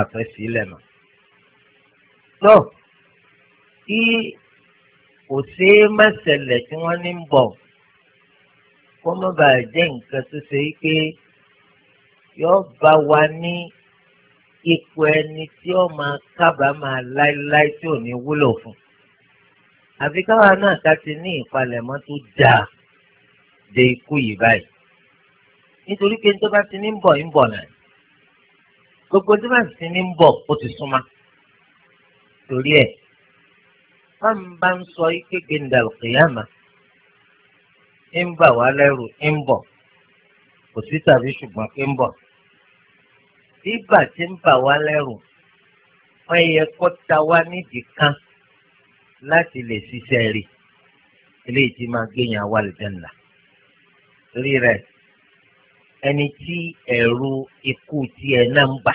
àfẹ́sí lẹ́nu. tó tí kò sí mẹ́sẹ̀lẹ̀ tí wọ́n ní ń bọ̀ kó má bàa jẹ́ nǹkan tó ṣe pé yóò bá wa ní ipò ẹni tí ó máa kábàámọ̀ láéláé tí ò ní wúlò fún. àfi káwa náà ká ti ní ìpalẹ̀mọ́ tó dáa de ikú yìí báyìí nítorí pé tó bá ti ní ń bọ̀ ń bọ̀ náà gbogbo tí wọ́n sì ní ń bọ̀ ó ti súnmọ́ torí ẹ̀ wọ́n bá ń sọ ike gbẹ̀ndà òkèèyàmà ń bà wá lẹ́rù ń bọ̀ kò sí tàbí ṣùgbọ́n pé ń bọ̀ bíbà tí ń bà wá lẹ́rù wọ́n yẹ kó ta wá nídìí kan láti lè ṣiṣẹ́ rí eléyìí tí máa gbéyàn wá lè dẹ́nà ẹni tí ẹ̀rù ikú tiẹ̀ náà ń bà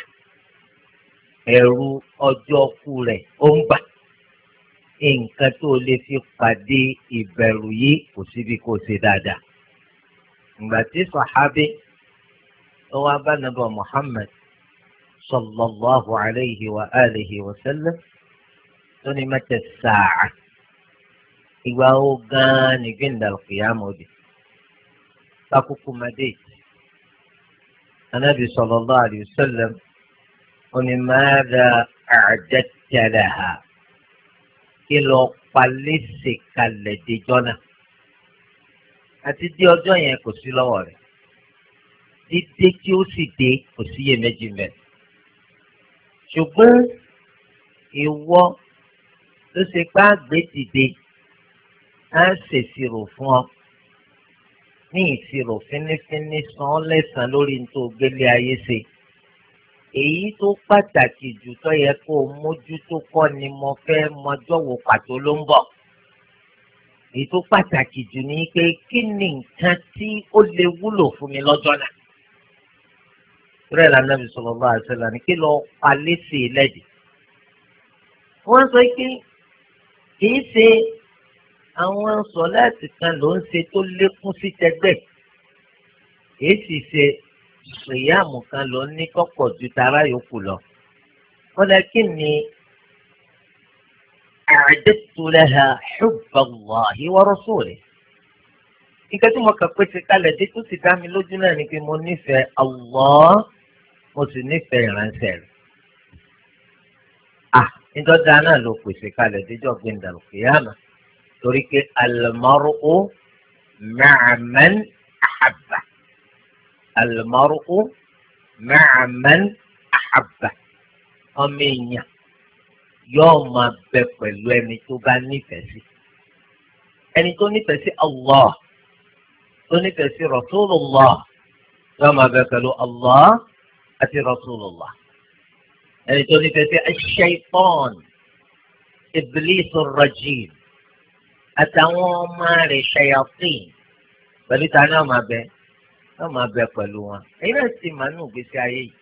ẹ̀rù ọjọ́ kú rẹ̀ ó ń bà nǹkan tó lè fi pàdé ìbẹ̀rù yìí kò síbi kò ṣe dáadáa. ìgbà tí sàhábì tó wá bá nàbà Muhammad sallallahu alayhi wa alihi wa sallam tó ní mẹ́tẹ̀ sáà ìgbà wo gan-an nìgbìndàlùkìyàmọ́dì. bákúkú máa dé yìí. النبي صلى الله عليه وسلم oní madha a'dadta لها kí lọ palẹ́sẹ̀ kalẹ̀ déjọ́ náà àti dé ọjọ́ yẹn kò sí lọ́wọ́ rẹ̀ dídé kí ó sì dé kò sí iyèméjì mẹ́ ṣùgbọ́n ìwọ ló ṣe pé dìde á ṣèṣirò fún ọ ní ìṣirò fínífíní san án lẹ́sàn-án lórí nítorí ògbélé ayé ṣe èyí tó pàtàkì jù tó yẹ kó o mójútó kọ́ ni mo fẹ́ mọjọ́ wo pàtó ló ń bọ̀ èyí tó pàtàkì jù ni pé kí ni nǹkan tí ó lè wúlò fún mi lọ́jọ́ náà rẹ̀ lànà bí sallallahu alaihi wasallam ni kí lọ palẹ́ lẹ́dí wọ́n sọ pé kì í ṣe àwọn sọ̀láàtì kan ló ń ṣe tó lékún sí tẹgbẹ́ èyí sì ṣe ìyáàmù kan ló ní kọ́kọ́ ju tara yòókù lọ. kọ́lá kí ni a'adadtu laha hubba Allahi wa rasulihi. nǹkan tí mo kà pé ti kalẹ̀ dé tó ti dá mi lójú náà ni pé mo nífẹ̀ẹ́ Allah mo sì nífẹ̀ẹ́ ìránṣẹ́ rẹ̀. à nítorí dáná ló pèsè kalẹ̀ déjọ́ gbẹ̀ndàlùkìyàmà. ترك المرء مع من أحب المرء مع من أحب امين يوم بقل وين تغني فسي يعني توني فسي الله توني فسي رسول الله يوم بقل الله اتي رسول الله يعني توني فسي الشيطان ابليس الرجيم àtàwọn ọmọ rẹ̀ ṣayàfín pẹ̀lú ta náà máa bẹ náà máa bẹ pẹ̀lú wọn èyí náà sì máa nù gbèsè ayé yìí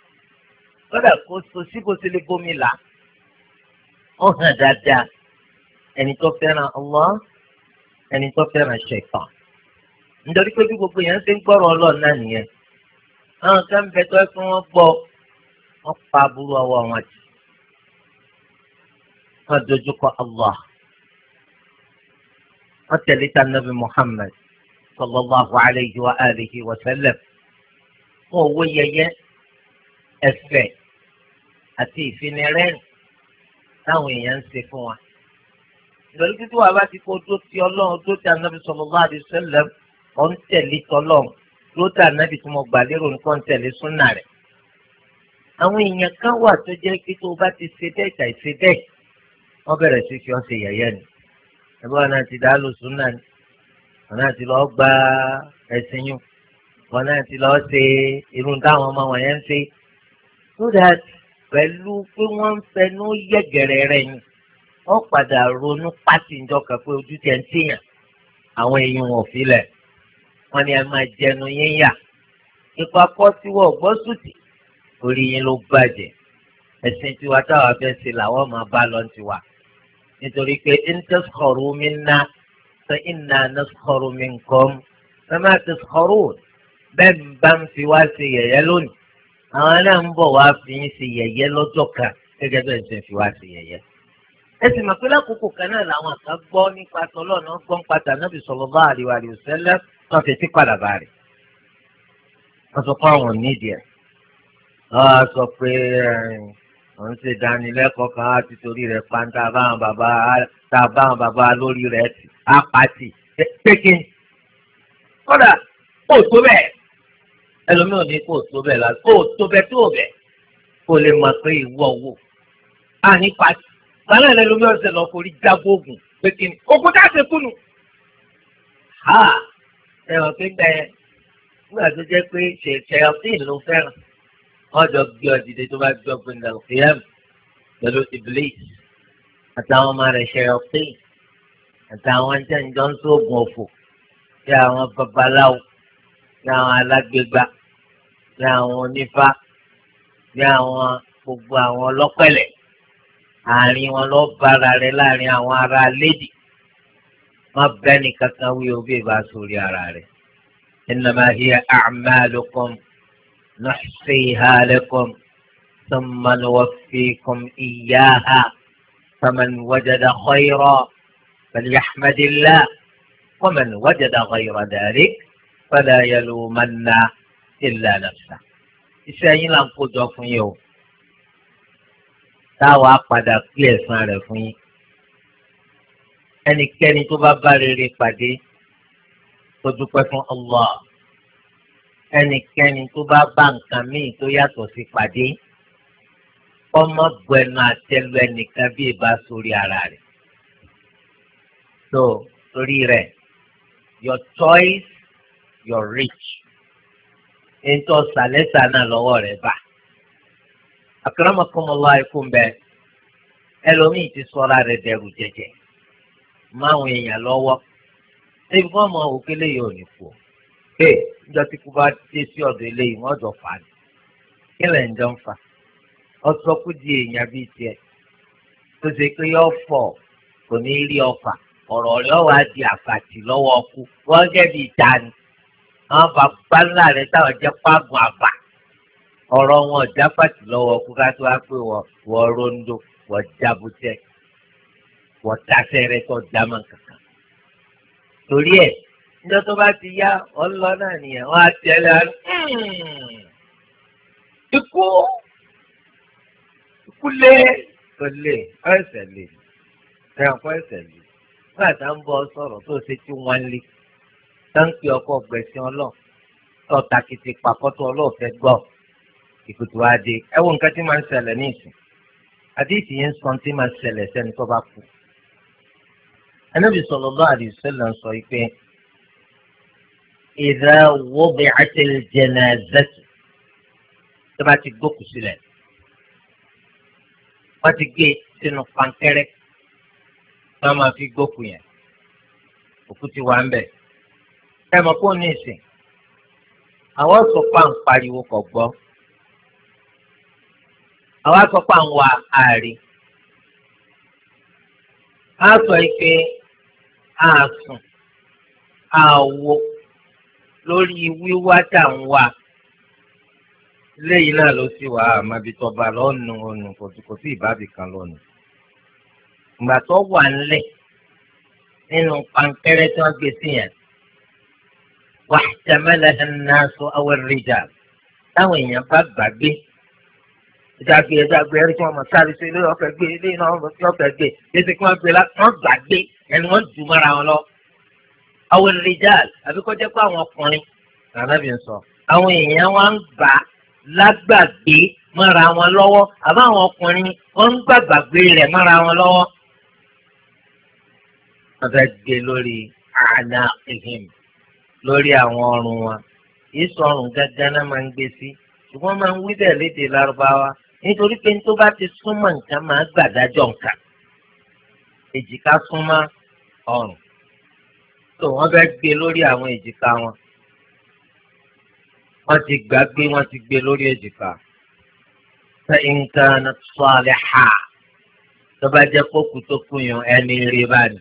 kódà kó so síbo sí lè bómi là ó hàn dáadáa ẹni tó fẹ́ràn Allah ẹni tó fẹ́ràn ṣẹ̀fà nítorí pé bí gbogbo yẹn ń ṣe ń gbọ́rọ̀ ọlọ́run náà nìyẹn àwọn kan ń bẹ tó ẹ fún wọn gbọ́ wọn pa aburú ọwọ́ wọn jù wọn dojú kọ Allah wọ́n tẹ̀lé ta nàbì Muhammad sallallahu alayhi wa alihi wa sallam fún owó yẹyẹ ẹ̀fẹ̀ àti ìfinirẹ́rìn táwọn èèyàn ń ṣe fún wa. ìrọ̀lú títí wàá bá ti kó dó ti ọlọ́run dó ti ànábì sallallahu alayhi wa sallam ọ̀ ń tẹ̀lé tọlọ́run dó ti ànábì tí mo gbà lérò nǹkan tẹ̀lé súnà rẹ̀. àwọn èèyàn kan wà tó jẹ́ pé tó bá ti ṣe bẹ́ẹ̀ tàì ṣe bẹ́ẹ̀ wọ́n bẹ̀rẹ̀ sí fi ọ́ ṣe yẹ̀yẹ́ ni ẹ̀bọ́n àná ti dá lò sún náà ni wọn náà ti lọ gba ẹ̀sìn yìí wọn náà ti lọ ṣe irun táwọn ọmọ wọn yẹn ń ṣe so that pẹ̀lú pé wọ́n ń fẹnu yẹ̀gẹ̀rẹ̀ rẹ̀ yìí wọ́n padà ronú pátì ìjọ pé ojú tẹ̀ ń tìyàn àwọn èèyàn wọn filẹ̀ wọ́n ní ẹ máa jẹnu yín yà ipa kọ́ tiwọ́ gbọ́ sùtì orí yín ló bàjẹ́ ẹ̀sìn tiwa táwa fẹ́ ṣe làwọn máa bá lọ tiwa nítorí pé in taskharu minna fa inna naskharu minkum fama taskharun bẹ́ẹ̀ bá ń fi wá sí yẹ̀yẹ́ lónìí àwọn náà ń bọ̀ wá fi yín sí yẹ̀yẹ́ lọ́jọ́ kan gẹ́gẹ́ bẹ́ẹ̀ ṣe fi wá sí yẹ̀yẹ́. ẹ sì mọ̀ pé lákòókò kan náà làwọn kan gbọ́ nípa tọ́lọ́ọ̀nà gbọ́n pàtà nábì sallallahu alaihi wa sallam tó fi tí padà bá rẹ̀. wọ́n sọ pé àwọn ò ní ìdí ẹ̀ àwọn ṣe dánilẹ́kọ̀ọ́ kan á ti torí rẹ̀ pa tá a bá àwọn bàbá tá a bá àwọn bàbá lórí rẹ̀ á pàtì pékin kódà kò tó bẹ́ẹ̀ ẹlòmíràn ní kò tó bẹ́ẹ̀ la kò tó bẹ́ẹ̀ tó bẹ́ẹ̀ kò lè mọ̀ pé ìwọ wò á ní pàtì gbàlẹ́ ẹlòmíràn ṣe lọ forí jágóògùn pékin òkúta ṣe kúnnù ẹ̀rọ pé gbẹ̀yẹn nígbà tó jẹ́ pé ṣèṣẹ́ ọtí ìlú fẹ́ràn wọ́n jọ gbé ọ dìde tó bá jọ gbé nàìjíríàm pẹ̀lú iblis àtàwọn ọmọ rẹ̀ ṣe ọ̀pẹ́ àtàwọn jẹ́njọ́ ń sóògùn òfò bí àwọn babaláwo bí àwọn alágbègbà bí àwọn onífá bí àwọn gbogbo àwọn ọlọ́pẹ̀lẹ̀ àárín wọn lọ bára rẹ láàrin àwọn ará lédì má bẹ́ẹ̀ ni kankan wí o bí sórí ara rẹ̀ innama hiya نحصيها لكم ثم نوفيكم إياها فمن وجد خيرا فليحمد الله ومن وجد غير ذلك فلا يلومن إلا نفسه iṣẹ́ yín là ń kójọ fún yín o táwa padà pín ẹ̀san rẹ̀ fún yín ẹnikẹ́ni tó bá bá rere pàdé tó dúpẹ́ fún Allah ẹnikẹ́ni tó bá bá nǹkan míì tó yàtọ̀ sí pàdé ọmọ gbẹnu àtẹlu ẹnìkan bí ìbá sórí ara rẹ̀ so torí rẹ̀ your choice your reach ètò sàlẹ́sà náà lọ́wọ́ rẹ̀ bá akramakumullah àìkún bẹ́ẹ̀ ẹlòmíì ti sọ́ra rẹ̀ dẹrù jẹjẹ máwọn èèyàn lọ́wọ́ ẹbí fọ́ọ̀mù òkèlè yóò ní kú o ẹ níjọ tí kú bá dé sí ọ̀dọ̀ eléyìí wọ́n jọ fà á ní kí lẹ́yìn jọ ń fà ọsọ kú di èèyàn bíi tiẹ̀ tó ṣe pé yọ fọ kò ní rí ọfà ọ̀rọ̀ lọ́wọ́ á di àfàtì lọ́wọ́ ọkú wọ́n jẹ́ bíi ìtani àwọn bàbá ńlá rẹ̀ táwọn jẹ́ pàgùn àbà ọ̀rọ̀ wọn ọ̀já pàtì lọ́wọ́ ọkú ká tó wá pé wọ́n rondo wọ́n jábútẹ́ wọ́n dáṣẹ́rẹ́ tó dámọ̀ kankan torí ẹ̀ níjọ́ tó bá ti yá ọlọ́ náà nìyẹn wọ́n á ti ẹ lẹ́nu. Hmm. ikú ikú lé kò lè ọ̀ẹ́sẹ̀ lè ẹ̀kọ́ ẹ̀sẹ̀ lè nígbà tá ń bọ́ sọ̀rọ̀ tó ṣe tí wọ́n lé táǹkì ọkọ̀ gbẹ̀sìn ọlọ́ tó takìtì pàkọ́tù ọlọ́ọ̀fẹ́ gbọ́ ìkùtù wa dé nǹkan tí máa ń ṣẹlẹ̀ ní ìsìn àdéhìí yẹn ń sọ tí máa ń ṣẹlẹ̀ sẹ́ni tó bá kú. Ànábì sallallahu alaihi wasallam sọ pé ìdá wọ́bẹ̀ àti jẹnẹzẹ́tì tó bá ti gbókù sílẹ̀ wọ́n ti gbé sínú pankẹ́rẹ́ tó máa fi gbókù yẹn òkú ti wà ń bẹ̀. ẹ mọ̀ kó ní ìsìn àwọn sọ pé ń pariwo kọ̀ gbọ́ àwọn sọ pé ń wa ààrẹ á sọ pé àásùn àwo lórí wíwá tá à ń wá lẹ́yìn náà ló sì wá àmàbí tọba lọ́nù ọ̀nù kò sí ìbábì kan lọ́nù. ìgbà tó wà ńlẹ̀ nínú pankẹ́rẹ́ tí wọ́n gbé sí yẹn wà tẹ̀mẹ́lẹ̀ ẹ̀ná sọ awẹ́rẹ́jà táwọn èèyàn bá gbàgbé ìdàgbé ìdàgbé ẹ̀rí tí wọ́n mọ̀ sáré sí ilé ọ̀fẹ́ gbé ilé náà ọ̀fẹ́ gbé èsì kí gbé la wọ́n gbàgbé ẹni wọ́n jù mọ́ra wọn lọ àwọn rìjàl àbí kó jẹ́ pé àwọn ọkùnrin ànábì ń sọ àwọn èèyàn wọn ń gbà lágbàgbé mọ́ra wọn lọ́wọ́ àbá àwọn ọkùnrin wọn ń gbàgbàgbé rẹ̀ mọ́ra wọn lọ́wọ́. wọ́n fẹ́ gbé lórí àná ìhìn lórí àwọn ọrùn wọn ìsọrùn gángan náà máa ń gbé sí ṣùgbọ́n máa ń wí bẹ́ẹ̀ lédè lárúbáwá nítorí pé tó bá ti súnmọ́ nǹkan máa gbàdájọ́ nǹkan èjìká súnmọ́ ọrùn tó wọ́n fẹ́ gbé lórí àwọn èjìká wọn wọ́n ti gbà gbé wọ́n ti gbé lórí èjìká ṣe nǹkan tó ha tó bá jẹ́ kókù tó kù yàn ẹni rí báyìí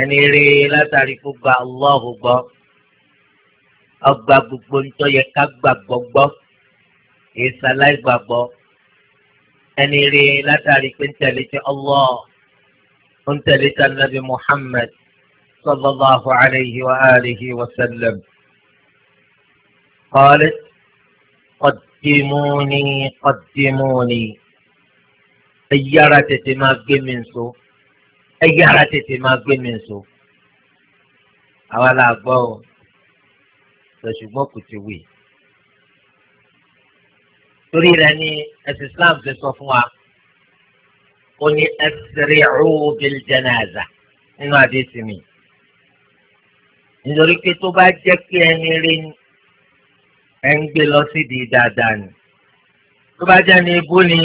ẹni rí látàrí kó gba Allahu gbọ́ ọgbà gbogbo ńtọ́ yẹ ká gbàgbọ́ gbọ́ ìsàlàyé gbàgbọ́ ẹni rí látàrí pé ń tẹ̀lé ti Allah ń tẹ̀lé ti anabi Muhammad. صلى الله عليه وآله وسلم قالت قدموني قدموني أيارتي تماغي من سو أيارتي تماغي من سو أولا أقبو تشبوك تيوي تريد أني الإسلام في صفوة قني أسرعوا بالجنازة إنه هذه سمين nítorí pé tó bá jẹ́ pé ẹni rí ni ẹ ń gbé lọ sídìí dáadáa ni tó bá jẹ́ ní ibú ni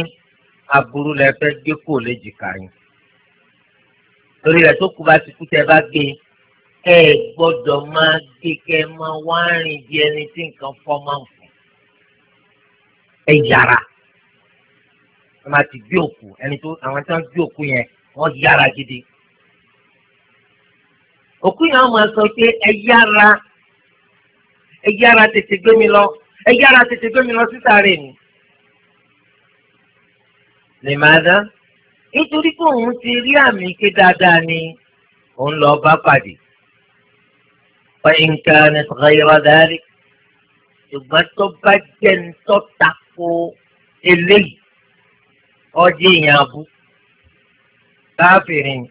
aburú lẹ fẹ́ gbé kó léjìká yín torí rẹ̀ tó kú bá ti kú tẹ́ bá gbé ẹ gbọ́dọ̀ máa gbé kẹ́ máa wá rìn di ẹni tí nǹkan fọ́ máa ń fún ẹ yára ẹ máa ti gbé òkú ẹni tó àwọn tí wọ́n gbé òkú yẹn wọ́n yára gidi òkú yẹn á máa sọ pé ẹ yára ẹ yára tètè gbé mi lọ ẹ yára tètè gbé mi lọ sí sàárè mi. lèmàdá nítorí pé òun ti rí àmì ké dáadáa ni òun lọ bá pàdé. fa in kanat ghayra dhalik ṣùgbọ́n tó bá jẹ́ ń tọ́ tako eléyìí ọjọ́ ìyàbú káfírin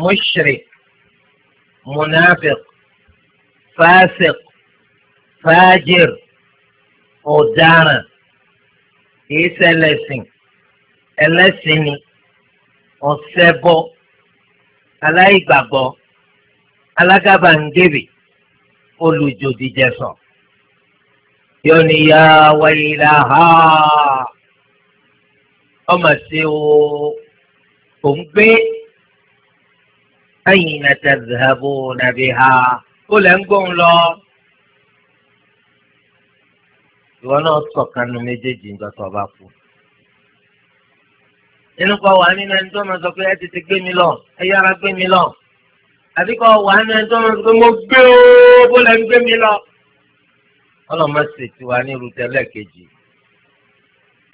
mushrik munafiq fasiq fajir ọ̀daràn kìí ṣẹlẹ̀sìn ẹlẹ́sìn ni ọ̀sẹ̀bọ aláìgbàgbọ́ alágàbàǹgẹ̀bẹ̀ olùjòdìjẹsọ̀ yọ̀nìyà wàyílà ha ọmọ sí o kò ń gbé ẹ̀yìn ẹ̀tẹ̀zẹ̀bù nàbí ha ó lẹ̀ ń gbóhùn lọ. ìwọ náà sọ̀kanu méjèèjì ń dọ́tọ̀ ọba kú. nínú kọ́ wà nínú ẹni tó máa sọ pé ẹ ti ti gbé mi lọ ẹ yára gbé mi lọ. àbí kọ́ wà nínú ẹni tó máa sọ pé mo gbé bó lẹ̀ ń gbé mi lọ. ọlọ́mọ ṣètì wa ní irutẹ́lẹ̀ kejì.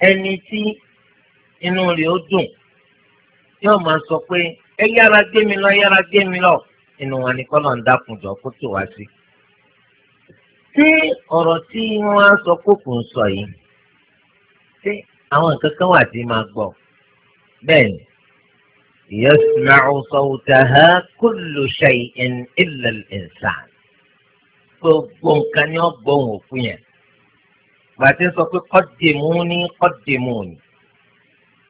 ẹni tí inú rẹ̀ ó dùn yóò máa sọ pé ẹ yára gbé mi lọ yára gbé mi lọ inú wọn ni kọ́nà ń dákunjọ kó tó wá sí. ṣé ọ̀rọ̀ tí wọ́n á sọ kókò ń sọ yìí ṣé àwọn nǹkan kan wà tí máa gbọ́ bẹ́ẹ̀ ni yasma'u sawtaha kullu shay'in illa al gbogbo nǹkan ni wọ́n gbọ́ òun òfin yẹn gbàtí sọ pé qaddimuni qaddimuni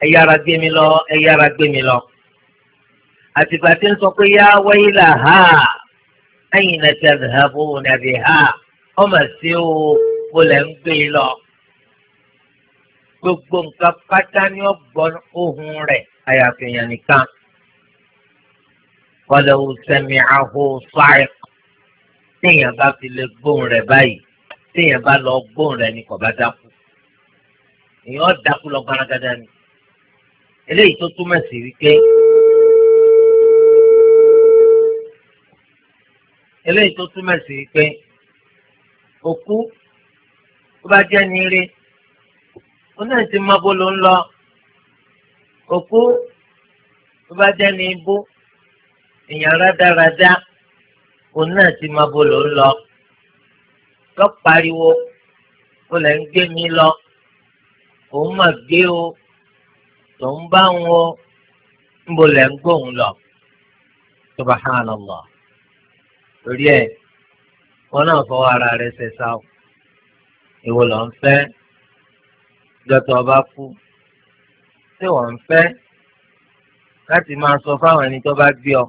ẹ yára gbé mi lọ ẹ yára gbé mi lọ àtìgbà tí ń sọ pé yá wáyílà ha ẹ̀yin náà ṣe àdìhàbò nàbì ha ọmọ sí o mo lẹ̀ ń gbé e lọ. gbogbo nǹkan pátá ni ó gbọ́ ohùn rẹ̀ àyàfi èèyàn nìkan. kọ́lẹ̀ ò sẹ́mi àhó sáré téèyàn bá fi lè gbóhùn rẹ̀ báyìí téèyàn bá lọ gbóhùn rẹ̀ ni kò bá dákú. èèyàn dákú lọ gbaragada ni. eléyìí tó túmọ̀ sí wípé. eléyìí tó túmọ̀ sí pé òkú tó bá jẹ́ ní rí ó náà ti mọ bó ló ń lọ òkú tó bá jẹ́ ní ibú èèyàn rádaràda ó náà ti mọ bó ló ń lọ tó ó lẹ̀ ń gbé mi lọ òun mà gbé o tòun bá ń wo ń bo lẹ̀ ń gbóhùn lọ subhanallah torí ẹ̀ wọn náà fọwọ́ ara rẹ̀ ṣẹ̀ṣà o ìwọ lọ ń fẹ́ jọtọ̀ ọba kú tí wọ́n ń fẹ́ láti máa sọ fáwọn ẹni tó bá gbé ọ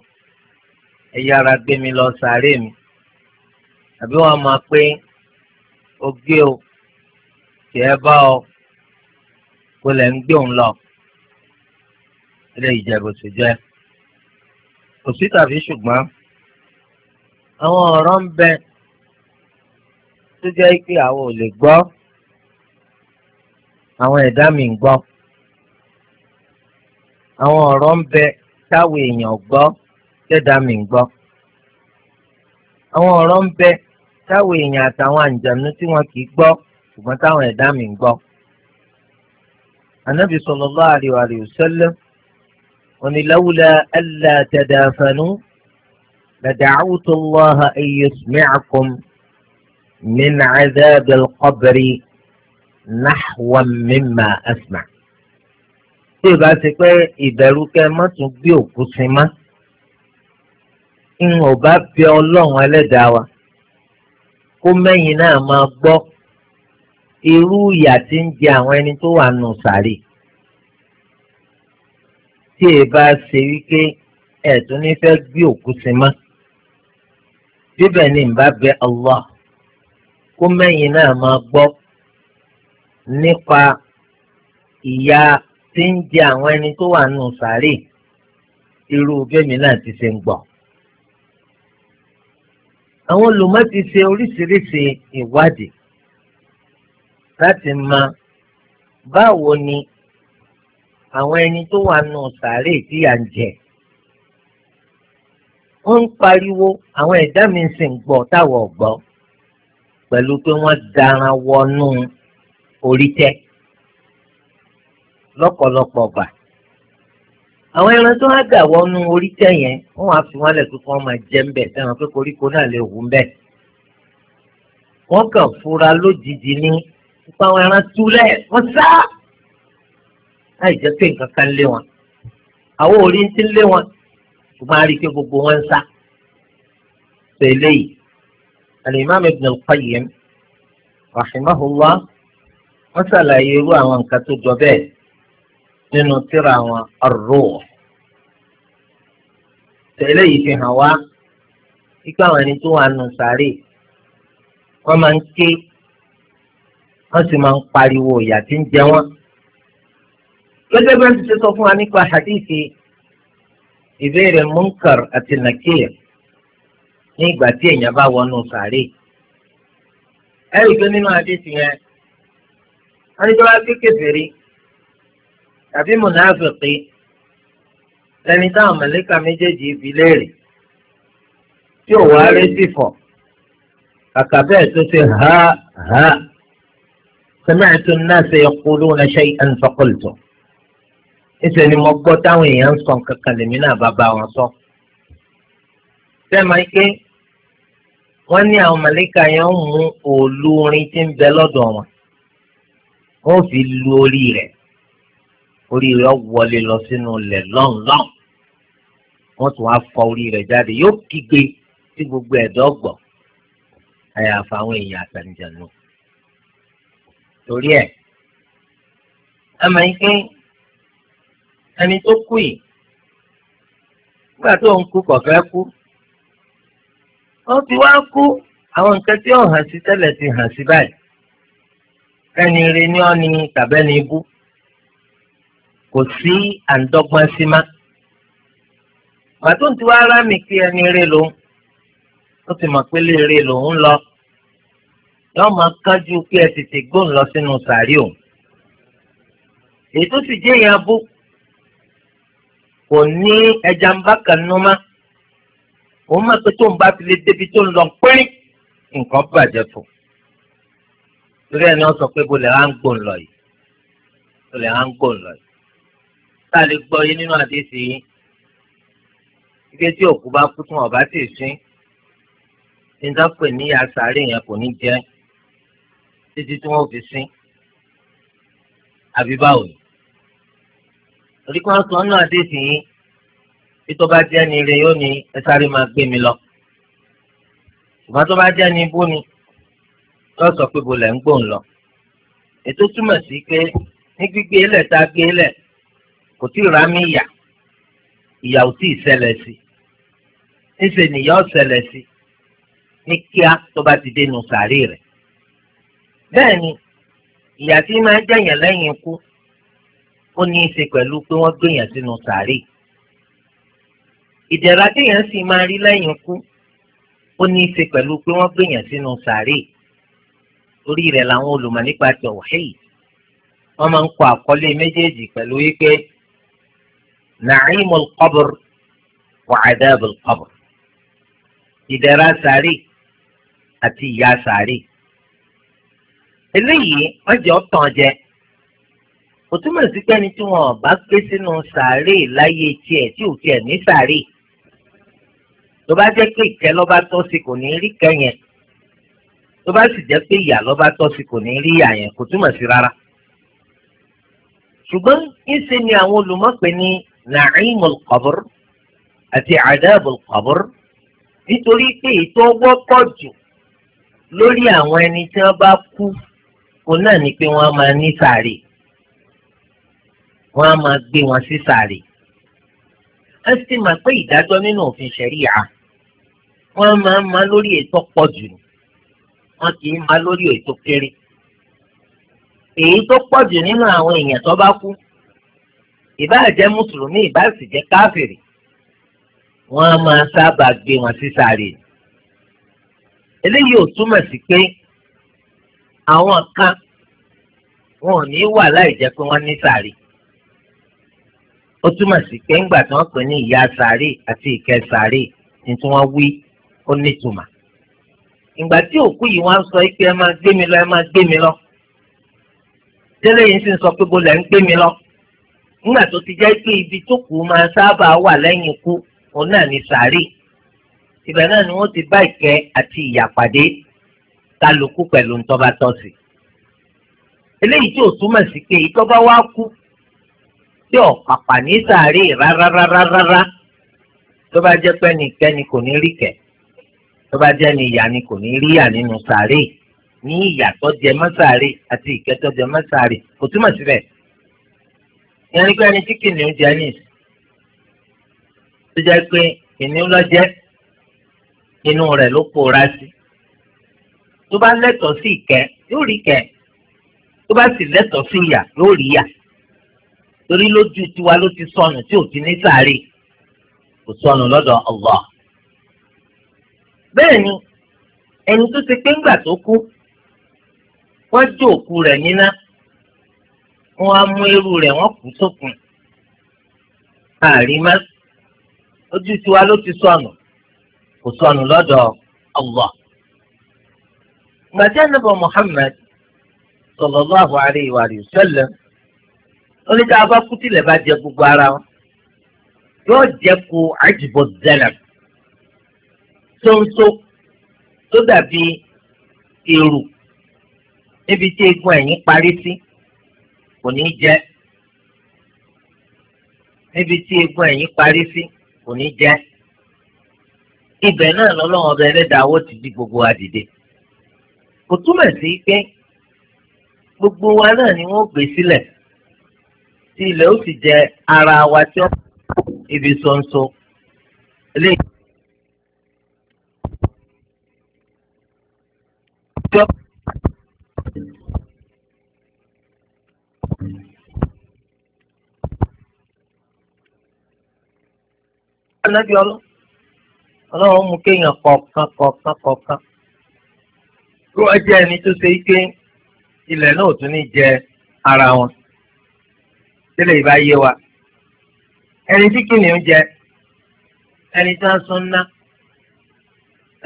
ẹ yára gbé mi lọ sàárè mi àbí wọ́n máa pé o gbé o kì í bá ọ kó lẹ̀ ń gbé òun lọ ilé ìjẹ̀bù sì jẹ́ òsì tàbí àwọn ọ̀rọ̀ ń bẹ tó jẹ́ pé àwọn ò lè gbọ́ àwọn ẹ̀dá mi ń gbọ́ àwọn ọ̀rọ̀ ń bẹ táwọn èèyàn gbọ́ tẹ́dá mi ń gbọ́ àwọn ọ̀rọ̀ ń bẹ táwọn èèyàn àtàwọn àǹjànú tí wọn kì í gbọ́ ṣùgbọ́n táwọn ẹ̀dá mi ń gbọ́. Ànábì sallallahu alaihi wa sallam onílàwùlà alla tadafanu. لدعوت الله أن يسمعكم من عذاب القبر نحو مما أسمع tí o bá ṣe pé ìbẹ̀rù kẹ má tún gbé òkú sí má ń ò bá bẹ ọlọ́run ẹlẹ́dàá wa kó mẹ́yìn náà máa gbọ́ irú ìyà tí ń jẹ àwọn ẹni tó wà nù sàárè tí e bá ṣe wípé ẹ̀ tún ní fẹ́ gbé òkú sí má síbẹ̀ ni n bá bẹ Allah kó mẹ́yìn náà máa gbọ́ nípa ìyà tí ń jẹ àwọn ẹni tó wà nù sàárè irú bẹ́mi náà ti ṣe ń gbọ́. àwọn olùmọ̀ ti ṣe oríṣiríṣi ìwádìí láti mọ báwo ni àwọn ẹni tó wà nù sàárè tí ń jẹ ó ń pariwo àwọn ẹ̀dá mi sì ń gbọ́ táwọn ọ̀gbọ́ pẹ̀lú pé wọ́n daran wọnú orí tẹ́ lọ́pọ̀lọpọ̀ gbà àwọn ẹran tó wá dà wọnú orí tẹ́ yẹn wọ́n á fi wọ́n lẹ̀ pé kí wọ́n máa jẹ ńbẹ̀ sẹ́wọ̀n pé koríko náà lè hù ńbẹ̀ wọ́n kàn fura lójijì ní ipa àwọn ẹran túlẹ̀ wọ́n sá láì jẹ́ pé nǹkan kan lé wọn àwọn orí ń ti lé wọn ṣùgbọ́n a rí i pé gbogbo wọn ń sá. sẹ́lẹ̀yì alimami ibn al-qayyim rahimahullah wọ́n ṣàlàyé irú àwọn nǹkan tó jọ bẹ́ẹ̀ nínú tírà àwọn ar-ruh. sẹ́lẹ̀yì fi hàn wá ikú àwọn ẹni tó wà nù sáré wọ́n máa ń ké wọ́n sì máa ń pariwo ìyà tí ń jẹ wọ́n. gẹ́gẹ́ bí wọ́n ti ṣe sọ fún wa nípa hadithi ìbéèrè munkar àti nakir ní ìgbà tí èèyàn bá wọnú sàárè ẹ̀rí pé nínú àdéhùn yẹn wọ́n ní jọba kékeré rí tàbí mùnàfíkì lẹni táwọn mẹlẹ́kà méjèèjì ibi léèrè tí ò wá rí sí fọ̀ kàkà bẹ́ẹ̀ tó ṣe ha ha sami'tu an-nasa yaquluna shay'an faqultu níṣẹ́ ni mo gbọ́ táwọn èèyàn ń sọ kankan lèmi náà bá bá wọn sọ. sẹ́mi pé wọ́n ní àwọn màlíkà yẹn ń mú òòlù orin tí ń bẹ lọ́dọ̀ wọn wọ́n fi lu orí rẹ̀ orí rẹ̀ wọlé lọ sínú ilẹ̀ lọ́nlọ́n wọ́n tún wá fọ orí rẹ̀ jáde yóò kígbe tí gbogbo ẹ̀dọ́ gbọ́ àyàfà àwọn èèyàn àtàǹjẹ̀ nù. torí ẹ̀ ẹ̀ máa ń pín ẹni tó kú yìí nígbà tó ń kú kò fẹ́ kú ó ti wá kú àwọn nǹkan tí ó hàn sí tẹ́lẹ̀ ti hàn sí báyìí ẹni rí ni ọ́ ni tàbẹ́ni ibú kò sí àǹdọ́gbọ́n sí má màtún ti wá rámì kí ẹni rí lòun ó ti mọ̀ pé léèrè lòun lọ yóò máa kánjú kí ẹ tètè gbóhùn lọ sínú sàárì òun èyí tó sì jẹ́ ìyàbú kò ní ẹja ń bá kan nú mọ́ òun mọ̀ pé tó ń bá fi lè débi tó ń lọ pín nǹkan bàjẹ́ fún torí ẹni wọ́n sọ pé bolẹ̀ á ń gbòòn lọ yìí bolẹ̀ á ń gbòòn lọ yìí tá a lè gbọ́ yín nínú àdéhùn yìí ike tí òkú bá kú tún ọ̀bá sì sín níta pè ní asàárè yẹn kò ní jẹ́ títí tí wọ́n fi sín àbí báwo ni torí kí wọ́n sọ ọ́nà àdéhùn yìí bí tó bá jẹ́ ni ire yóò ní ẹ sáré máa gbé mi lọ ṣùgbọ́n tó bá jẹ́ ni ibú ni yóò sọ pé bolẹ̀ ń gbòòn lọ ètò túmọ̀ sí pé ní gbígbé ilẹ̀ tá a gbé ilẹ̀ kò tí ì rà mí ìyà ìyà ò tí ì ṣẹlẹ̀ sí níṣẹ́ nìyà ò ṣẹlẹ̀ sí ní kíá tó bá ti dénú sàárè rẹ̀ bẹ́ẹ̀ ni ìyà tí máa jẹ̀yàn lẹ́yìn ikú ó ní í ṣe pẹ̀lú pé wọ́n gbèyàn sínú sàárè ìdẹ̀ra téèyàn sì máa rí lẹ́yìn kú ó ní í ṣe pẹ̀lú pé wọ́n gbèyàn sínú sàárè orí rẹ̀ làwọn olùmọ̀ nípa tọ̀wọ̀hẹ́yì wọ́n máa ń kọ àkọlé méjèèjì pẹ̀lú wípé na'imul qabr wa adabul qabr ìdẹ̀ra sàárè àti ìyà sàárè eléyìí wọ́n jẹ́ ọ̀tàn jẹ́ kò túmọ̀ sí pé ẹni tí wọn bá gbé sínú sàárè láyé tiẹ̀ tí ò tiẹ̀ ní sàárè tó bá jẹ́ pé ìkẹ́ lọ́ba tọ́ sí kò ní rí kẹ́yìn tó bá sì jẹ́ pé ìyà lọ́ba tọ́ sí kò ní rí ìyà yẹn kò túmọ̀ sí rárá. ṣùgbọ́n ńṣe ni àwọn olùmọ̀pẹ̀ ní na'imul qabr àti adabul qabr nítorí pé ètò ọgbọ́ pọ̀ jù lórí àwọn ẹni tí wọ́n bá kú kò náà ni pé wọ́n máa ní sàárè wọ́n á máa gbé wọn sí sàárè. a sì máa pé ìdájọ́ nínú òfin ṣẹ̀ríà wọ́n máa ń máa lórí ètò pọ̀ jù wọ́n kì í máa lórí ètò kéré. èyí tó pọ̀ jù nínú àwọn èèyàn tó bá kú ìbá jẹ́ mùsùlùmí ìbá sì jẹ́ káfìrì wọ́n á máa sábà gbé wọn sí sàárè. eléyìí ò túmọ̀ sí pé àwọn kan wọn ò ní wà láì jẹ́ pé wọ́n ní sàárè ó túmọ̀ sí pé ńgbà tí wọ́n pè ní ìyá sàárè àti ìkẹ́ sàárè ní tí wọ́n wí ó nítumọ̀. ìgbà tí òkú yìí wọ́n á sọ pé ẹ máa gbé mi lọ ẹ máa gbé mi lọ. tẹ́lẹ̀ yìí sì ń sọ pé bolẹ̀ ń gbé mi lọ. ńgbà tó ti jẹ́ pé ibi tó kù máa sábà wà lẹ́yìn ikú òun náà ní sàárè. ibẹ̀ náà ni wọ́n ti bá ìkẹ́ àti ìyà pàdé kálukú pẹ̀lú ntọ́ba tọ́sí. eléyìí tí ò túmọ̀ sí pé ìtọ́ba wá kú tí ò pàpà ní sàárè rárárárárá tó bá jẹ́ pé nìkẹ́ni kò ní rí kẹ̀ tó bá jẹ́ ni ìyá ni kò ní rí yà nínú sàárè ní ìyàtọ̀ jẹ mọ́sàárè àti ìkẹ́tọ̀ jẹ mọ́sàárè kò túmọ̀ síbẹ̀ ìyẹn pé ẹni tí kìnìún jẹ ní tó jẹ́ pé kìnìún lọ jẹ́ inú rẹ̀ ló pòórá sí tó bá lẹ́tọ̀ọ́ sí ìkẹ́ yóò rí kẹ́ tó bá sì lẹ́tọ̀ọ́ sí ìyà yóò rí yà torí lójú tiwa ló ti sọnù tí ò ti ní sáré kò sọnù lọ́dọ̀ Allah. bẹ́ẹ̀ ni ẹni tó ti pé ńgbà tó kú wọ́n jó òkú rẹ̀ níná wọ́n á mú irú rẹ̀ wọ́n kú sókun àrímá ojú tiwa ló ti sọnù kò sọnù lọ́dọ̀ Allah. gbàdé ànábọ̀ Muhammad sallallahu alaihi wa sallam ó ní tá a bá kú tilẹ̀ bá jẹ gbogbo ara wọn yóò jẹ kó àjùbọ̀ zẹlẹ̀ tóńtó tó dàbí èrù níbi tí egun ẹ̀yìn parí sí kò ní jẹ níbi tí egun ẹ̀yìn parí sí kò ní jẹ ibẹ̀ náà lọ́lọ́run ọbẹ̀ ẹlẹ́dàá ti di gbogbo àdìde kò túmọ̀ sí pé gbogbo wa náà ni wọ́n gbé sílẹ̀ tí ilẹ̀ ó sì jẹ ara wa tí ó ibi ṣonṣo. eléyìí anabi ọlọ Ọlọ́run mú kéèyàn kọ̀ọ̀kan kọ̀ọ̀kan kọ̀ọ̀kan kó wọn jẹ ẹni tó ṣe ike ilẹ̀ náà tún ní jẹ ara wọn. tẹ́lẹ̀ ìbá yé wa ẹni tí ń jẹ ẹni tí wọ́n sún ná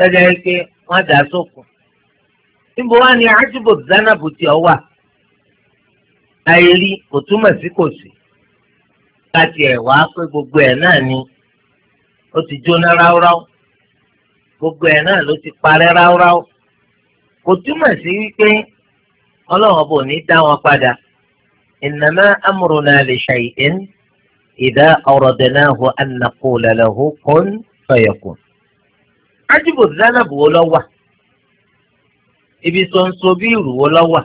ẹ̀jẹ̀ pé wọ́n dà sókun níbo wá ni àjùbò zanabu ti ọ wà àìrí kò túmọ̀ sí kò sí láti ẹ̀ wá pé gbogbo ẹ̀ náà ni ó ti jóná ráúráú gbogbo ẹ̀ náà ló ti parẹ́ ráúráú kò túmọ̀ إنما أمرنا لشيء إذا أردناه أن نقول له كن فيكون عجب الذنب ولوه ibi sọ̀nsọ̀ bí ìrùwọ́ lọ́wọ́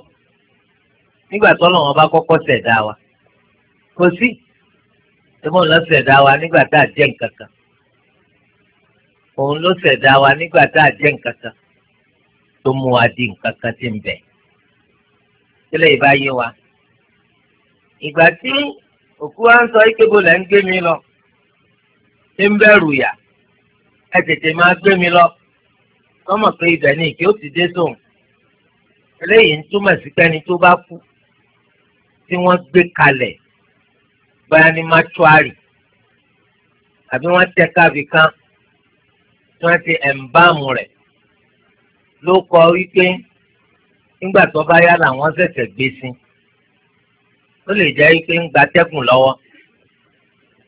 nígbà tó lọ́wọ́ bá kọ́kọ́ ṣẹ̀dá wa kò sí ẹ̀mọ́ ló ṣẹ̀dá wa nígbà tá a jẹ́ nǹkan kan òun ló ṣẹ̀dá wa nígbà tá a jẹ́ nǹkan kan tó mú wa di nǹkan kan tí ń bẹ. sílẹ̀ ìbá yé wa ìgbà tí òkú wa ń sọ ikebo lẹ́ ń gbé mi lọ ṣé ń bẹ̀rù yà ẹ tètè máa gbé mi lọ tọmọ pé ibẹ̀ ni ìké ó ti dé sóhun eléyìí ń túmọ̀ sí pẹ́ni tó bá kú tí wọ́n gbé kalẹ̀ báyà ní mátúárì àbí wọ́n tẹ káàbì kan tí wọ́n ti ẹ̀ǹbáàmù rẹ̀ ló kọ wípé nígbà tó bá yá làwọn ṣẹ̀ṣẹ̀ gbé sí i ó lè jẹ́ pé ń gba tẹ́kùn lọ́wọ́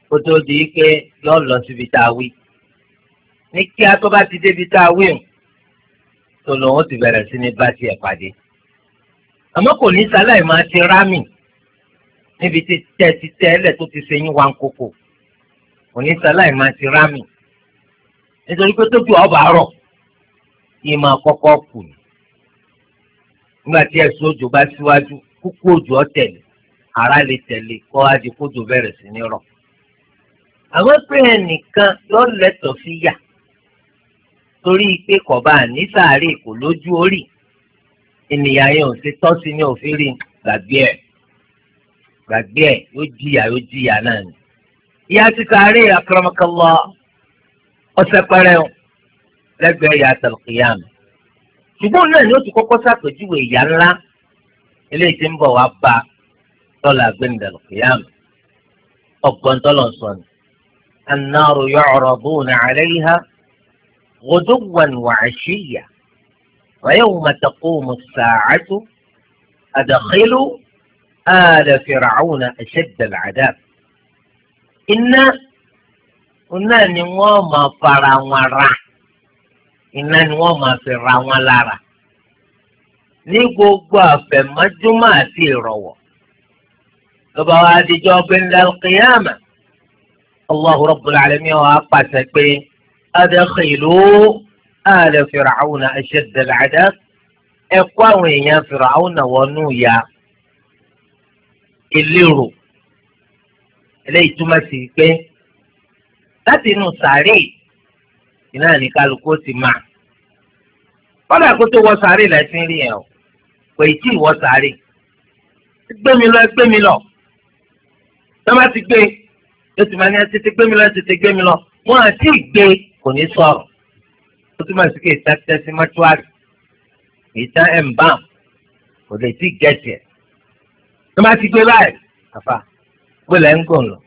kó tó di pé yọ lọ síbi tá a wí ní kíá tó bá ti débi tá a wí o tó lòun ti bẹ̀rẹ̀ sí ní bá tiẹ̀ pàdé àmọ́ kò ní sáláì máa ti rámì níbi tí tẹ́ ti tẹ́ ẹlẹ̀ tó ti ṣe yín wá ń kókò kò ní sáláì máa ti rámì nítorí pé tóbi ọba rọ̀ yìí máa kọ́kọ́ kù nígbà tí ẹ̀sùn òjò bá síwájú kúkú òjò ọ̀tẹ̀lẹ̀ ara lè tẹ̀lé kọ́ adìkójò bẹ̀rẹ̀ sí ní rọ̀. àwọn pé ẹnìkan yóò lẹ́tọ̀ọ́ sí yà torí pé kọ̀ọ̀bá ní sàárè kò lójú orí ènìyàn yẹn ò ṣe tọ́ sí ní òfin rí gbàgbé ẹ̀ gbàgbé ẹ̀ yóò jìyà yóò jìyà náà ni. ìyá ti sàárè àkàràmọ́kànlá ọ̀sẹ̀ pẹrẹ o lẹ́gbẹ̀ẹ́ ìyá àtàlùkìyàm ṣùgbọ́n náà ni ó ti kọ́kọ́ ṣàpèjúwe ìyá ńlá eléyìí ti ń bọ̀ wá bá lọ́la gbẹ̀ndẹ̀lù kìyàmù ọgbọ́n tọ́lọ̀ sọ ni. النار يعرضون عليها غدوا وعشيا ويوم تقوم الساعة أدخلوا آل فرعون أشد العذاب إنا iná ni wọ́n máa fara wọn ra iná ni wọ́n máa fi ra wọn lára ní gbogbo àfẹ̀mọ́júmọ́ àti ìrọ̀wọ́ lọ́ba wa adijọ́ gbẹ̀ndà kìyàmà allahu rabbul alamin wa pàṣẹ pé adakhilu ala fir'auna ashadda al'adab ẹ kó àwọn èèyàn fir'auna wọnú ya ìlérò eléyìí túmọ̀ sí pé láti inú sàárè iná ní kálukú ti máa kọ́dà kó tó wọ sàárè lẹ́sìn rí ẹ̀ o kò tí ì wọ sàárè gbé lọ gbé lọ tọ́ba ti gbé yóò ti máa ní ẹtí ti gbé mi lọ ẹtí ti gbé mi lọ wọn àti ìgbé kò ní sọ̀rọ̀ ó túmọ̀ sí pé ìta tẹ́sí mọ́túárì ìta ẹ̀ǹbàm kò lè ti gẹ̀ẹ́tì ẹ̀ tọ́ba ti gbé báyìí àfà gbọ́lẹ̀ ń gùn lọ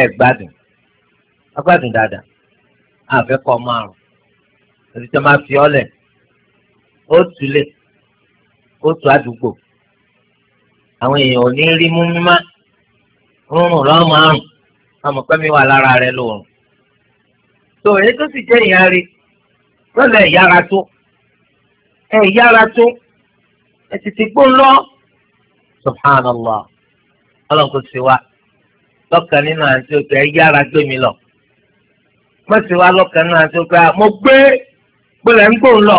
ẹ̀ gbádùn agbádùn dáadáa àfẹ́kọ̀ márùn ẹ̀rí tó máa fi ọ́lẹ̀ ó tulẹ̀ ó tu àdúgbò àwọn èèyàn ò ní rí mú mímá rúnrún lọ́mọ àrùn amọ̀pẹ́ mi wà lára rẹ lóorùn. tó èyí tó sì jẹ́ ìyá rí lọ́lẹ̀ ìyára tó ẹ̀ ìyára tó ẹ̀ tètè gbóhùn lọ. subhanallah ọlọ́run kò sí wa lọ́kàn nínú àti òkè ẹ̀ yára gbé mi lọ. mọ̀sí wa lọ́kàn nínú àti òkè mo gbé gbọ́dọ̀ ń gbóhùn lọ.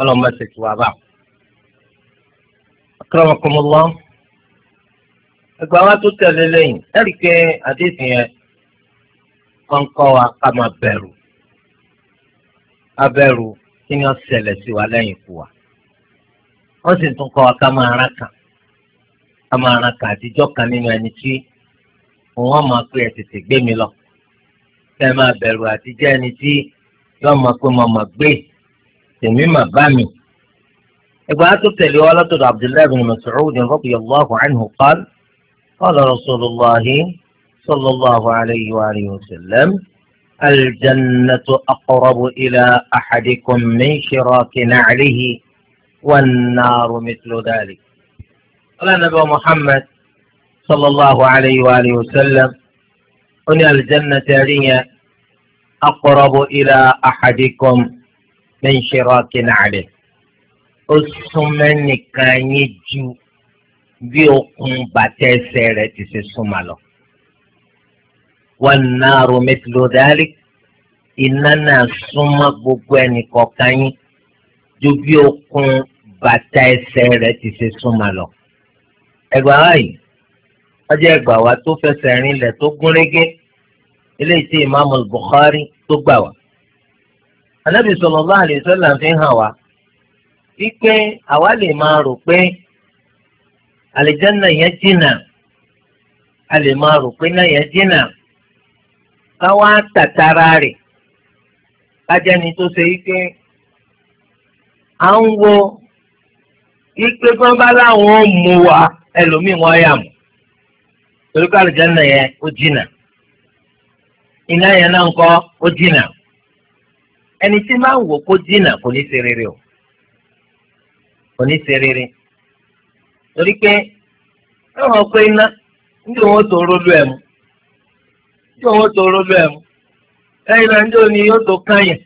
ọlọ́run mọ̀sí ti wá bá. akramakumullah. ẹgbẹ́ wa tó tẹ̀lé lẹ́yìn ẹ̀rí àdéhùn yẹn kọ́ńkọ́ wa ká máa bẹ̀rù abẹ́rù kí ni ó ṣẹlẹ̀ sí wa lẹ́yìn fún wa wọ́n sì tún kọ́ wa ká máa ara kàn ká máa ara kàn àtijọ́ kan nínú ẹni tí òun pé ẹ tètè gbé mi lọ kẹ́ ẹ máa bẹ̀rù àtijọ́ ẹni tí yóò máa pé gbé قال رسول الله صلى الله عليه وآله وسلم الجنة أقرب إلى أحدكم من شراك نعله والنار مثل ذلك قال النبي محمد صلى الله عليه وآله وسلم أن الجنة هي أقرب إلى أحدكم من شراك نعله أسمنك كان bí okùn bàtẹ ẹsẹ̀ rẹ̀ ti ṣe súnmọ́ lọ. wan naru mithlu dhalik iná náà súnmọ́ gbogbo ẹnì kọ̀ọ̀kan yín ju bí okùn bàtà ẹsẹ̀ rẹ̀ ti ṣe súnmọ́ lọ. ẹgbàá wáyé wọ́n jẹ́ ẹgbàá wa tó fẹsẹ̀ rinlẹ̀ tó gúnrégé eléyìí tí ìmáàmù Bukhari tó gbà wá. anábì sallallahu alaihi wasallam fi hàn wá wípé àwa lè máa rò pé àlìjánà yẹn jìnnà a lè máa rò pé náà yẹn jìnnà káwá tàtàrà rẹ̀ kájẹ́ni tó ṣe wípé à ń wo wípé kí wọ́n bá láwọn mú wa ẹlòmíì wọ́n yà mú torí yẹn ó iná yẹn náà kò ní rere o kò rere. torí pé ẹ̀wọ̀n pé iná níbi wọn tó rólú ẹ̀ mú níbi wọn tó rólú ẹ̀ mú ẹ̀yin náà níbi òní yóò tó kányẹ̀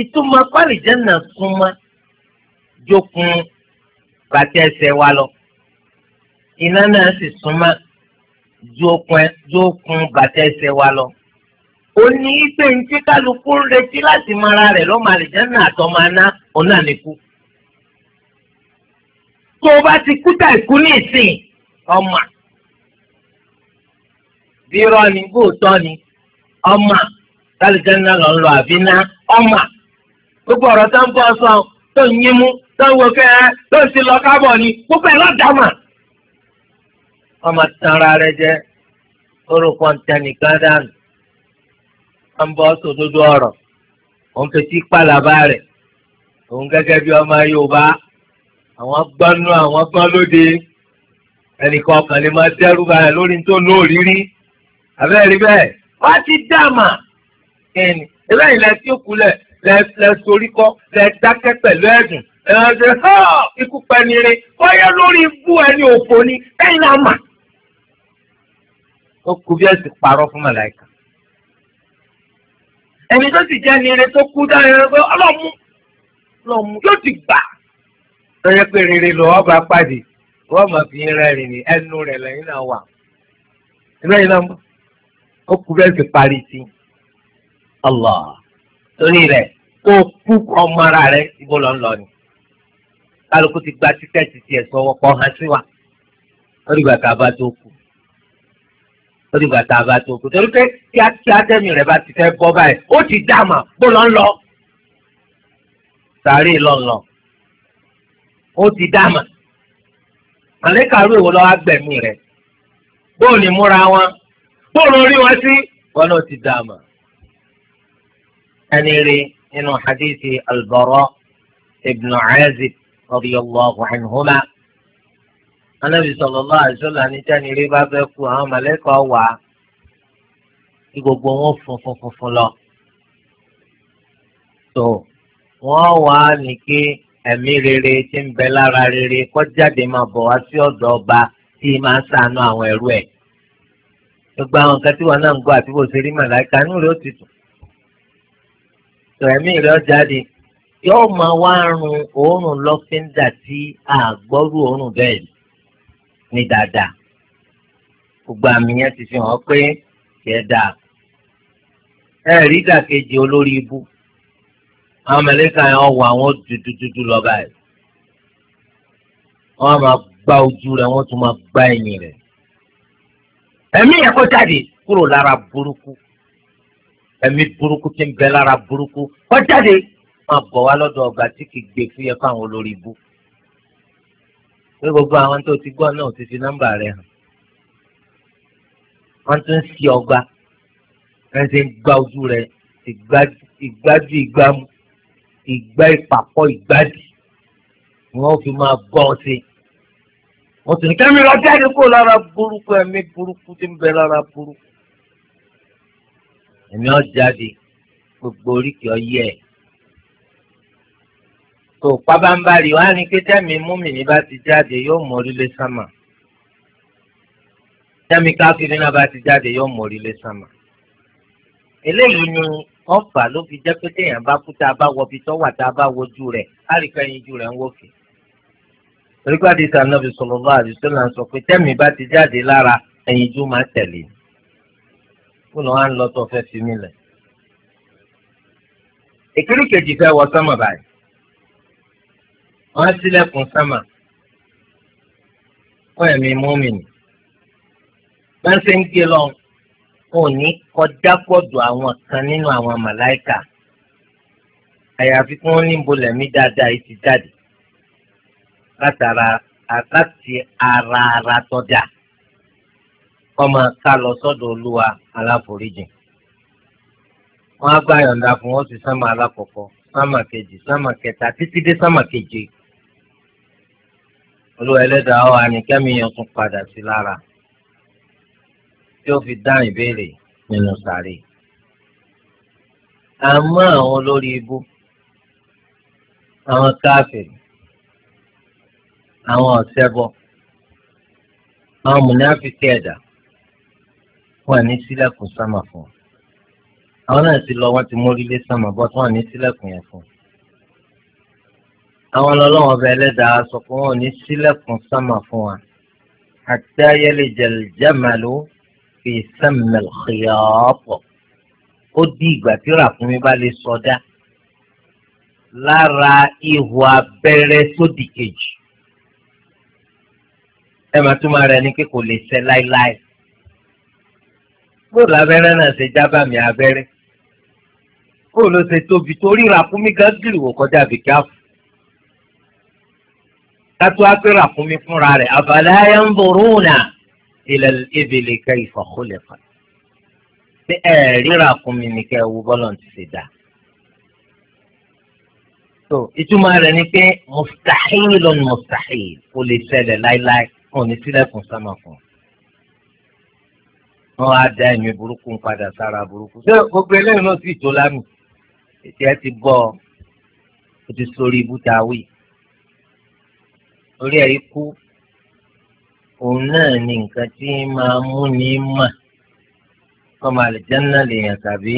ìtumọ̀ pálíjẹ́ náà súnmọ́ jókun bàtẹ́ ẹsẹ̀ wa lọ iná náà sì súnmọ́ jókun bàtẹ́ ẹsẹ̀ wa lọ ó ní pé ní tí kálukú ń retí láti mara rẹ̀ lọ́mọ àlìjẹ́ náà àtọ́ máa ná òun tó o bá ti kúta ìkú ní ìsìn ọmọ bí irọ́ ni bó tọ́ ni ọmọ tálíjánná lọ ń lọ àbí ná ọmọ gbogbo ọ̀rọ̀ tó ń bọ́ sọ tó ń yín mú tó ń wo kẹ́ ẹ́ tó ń ti lọ kábọ̀ ni gbogbo lọ́dàmà ọmọ tanra rẹ jẹ orúkọ ntẹnìkan dànù ó ń bọ́ sòdodo ọ̀rọ̀ òun fetí pàlàbà rẹ̀ òun gẹ́gẹ́ bí ọmọ Yorùbá àwọn gbánú àwọn gbán lóde ẹnìkan ọkàn lè máa dẹ́rù báyà lórí tó ní òrírí àbẹ́rẹ́ bẹ́ẹ̀ wá ti dàmà ẹnì ẹ̀rẹ́ ìlẹ̀ tí ó kulẹ̀ lẹ sorí kọ́ lẹ dákẹ́ pẹ̀lú ẹ̀dùn ẹ̀rọ ṣe họ́ ikú pẹ́nire wáyé lórí ibú ẹni òfò ni ẹ̀yin náà mà. ó kú bí ẹ̀sìn parọ́ fún màláìka. ẹni tó sì jẹ́ ni eré tó kú dáhùn ẹ̀rọ pé ọlọ́mú ọlọ́mú yóò ti gbà á tọ́jà pé rere lọ ọba pàdé wọ́n mọ̀ fi ń rẹ́rìn ní ẹnu rẹ̀ lẹ́yìn náà wà inú ẹ̀yìn náà ó kú bẹ́ẹ̀ sì parí sí Allah torí rẹ̀ kó o kú ọmọ ara rẹ̀ ibo lọ ń lọ ni kálukú ti gba títẹ̀ títí ẹ̀ sọ wọ́pọ̀ hàn sí wa lórí ìgbà tá a bá tó kú lórí ìgbà tá a bá tó kú torí pé kíákíá tẹ̀mí rẹ̀ bá ti fẹ́ bọ́ báyìí ó ti dá bó lọ ń lọ sàárè lọ́nlọ́n ó ti dáàmà màlẹ́kà rú èwo lọ́wọ́ gbẹ̀mí rẹ̀ bóun ni múra wọn bóun orí wọn sí wọn náà ti dáàmà ẹni rí nínú hadithi albara ibn azib radiyallahu anhuma anabi sallallahu alaihi wasallam ní tẹni rí bá fẹ́ kú àwọn màlẹ́kà wà kí gbogbo wọn funfun funfun lọ. tó wọ́n wà á nìké ẹ̀mí rere tí ń bẹ lára rere kó jáde máa bọ̀ wá sí ọ̀dọ̀ ọba tí máa ń ṣàánú àwọn ẹrú ẹ̀. gbogbo àwọn nǹkan tí wọn náà ń gbọ́ àti bó ṣe rí màláìka inú rẹ̀ ó ti tù. tó ẹ̀mí rẹ̀ ó jáde yóò máa wá rùn òórùn lọ́fíńdà tí àgbọ́rù òórùn bẹ́ẹ̀ ni dáadáa. gbogbo àmì yẹn ti fi hàn pé kì ẹ rí ìdàkejì olórí ibú àwọn mẹlẹka yẹn wọ àwọn dúdúdúdú lọ báyìí wọ́n máa gbá ojú rẹ̀ wọ́n tún máa gbá ẹ̀yìn rẹ̀ ẹ̀mí yẹn kó jáde kúrò lára burúkú ẹ̀mí burúkú ti ń bẹ lára burúkú kó jáde máa bọ̀ wá lọ́dọ̀ ọgbà tí kì í gbé fúyẹ́ fáwọn olórí ibú pé gbogbo àwọn tó ti gbọ́ náà ti fi nọ́mbà rẹ̀ hàn wọ́n tún ń sí ọgbà ẹ̀ ń gbá ojú rẹ̀ ìgbájú ìgbámu ìgbà ìpàkọ́ ìgbàdì ni wọ́n fi máa gbọ́ ọ sí. wọ́n sì ní kẹ́mi lọ jáde kó lára burúkú ẹ̀mí burúkú tí ń bẹ lára burúkú. ẹ̀mí ọ̀ jáde gbogbo oríkì ọyẹ ẹ̀. tó pábánbárì wá ní pé tẹ́mi múmìnì bá ti jáde yóò mọ orílẹ̀ sámà. tẹ́mi káfíńdínà bá ti jáde yóò mọ orílẹ̀ sámà. eléyìí ni ọ̀fà ló fi jẹ́ pé téèyàn bá kú tá a bá wọbi tó wà tá a bá wojú rẹ̀ á rí ká yin ju rẹ̀ ń wòkè. oríkọ́ àdìsá nàbì sallallahu alaihi wasallam sọ pé tẹ́mi bá ti jáde lára ẹ̀yin ju máa tẹ̀lé. kó lọ́wọ́ ń lọ tó fẹ́ fi mí lẹ̀. ìkírí kejì fẹ́ wọ sọ́mà báyìí. wọ́n á sílẹ̀kùn sọ́mà. wọ́n ẹ̀mí mọ́mìnì. bá ń ṣe ń gé lọ́wọ́ òní kọjá gbọ́dọ̀ àwọn kan nínú àwọn màláìkà àyàfi kí wọ́n ní bolẹ̀mí dáadáa yìí ti jáde látara àkáàtì ara ara tọ́jà kọ́mọ ká lọ sọ́dọ̀ olúwa aláforíjìn wọ́n á gbá yọ̀ǹda fún wọn sí sánmà alákọ̀ọ́kọ́ sánmà kejì sánmà kẹta títí dé sánmà keje olúwa ẹlẹ́dàá ọ̀ àníkẹ́mi yẹn tún padà sí lára tí ó fi dáhùn ìbéèrè nínú sàárè àmọ́ àwọn olórí ibú àwọn káfíìn àwọn ọ̀sẹ́bọ àwọn mùnáfíkì ẹ̀dá wà ní sílẹ̀kùn sámà fún un àwọn náà ti lọ wọ́n ti mórílé sámà bọ́ tí wọ́n ní sílẹ̀kùn yẹn fún un àwọn ọlọ́wọ́n ọba ẹlẹ́dàá sọ pé wọ́n ní sílẹ̀kùn sámà fún wa hatta yalijal jamalu fi sẹ́mi xiyọ́pọ̀ ó di ìgbà tí ràkúnmí bá lè sọdá lára ihò abẹ́rẹ́ sódì kejì ẹ máa túmọ̀ rẹ̀ ní pé kò lè ṣẹ láéláé bóòlù abẹ́rẹ́ náà ṣe jábàmì abẹ́rẹ́ bóòlù ṣe tóbi torí ràkúnmí gángìrì wò kọjá bìkà fún kátó apẹ́ ràkúnmí fúnra rẹ̀ àbàlẹ́ ayé ń bọ̀ rúùnà ilẹ̀ ebèlè ká ìfọ̀kúlẹ̀ fà ṣé ẹ ríra kún mi ní ká ewu bọ́lọ̀ ti ṣe dà. so ìtumọ̀ rẹ̀ ni pé mustahil lọ́nà mustahil kò lè ṣẹlẹ̀ láéláé wọn ò ní sílẹ̀kùn sámà fún á da ẹ̀mí burúkú padà sára burúkú. ṣé gbogbo eléyìí náà sì tó lámì ètí ẹ ti bọ́ ọ ti sórí ibú tá wí. orí ẹ̀ ikú òun náà ni nǹkan tí máa mú ní mà ọmọ àlìjánná lèèyàn tàbí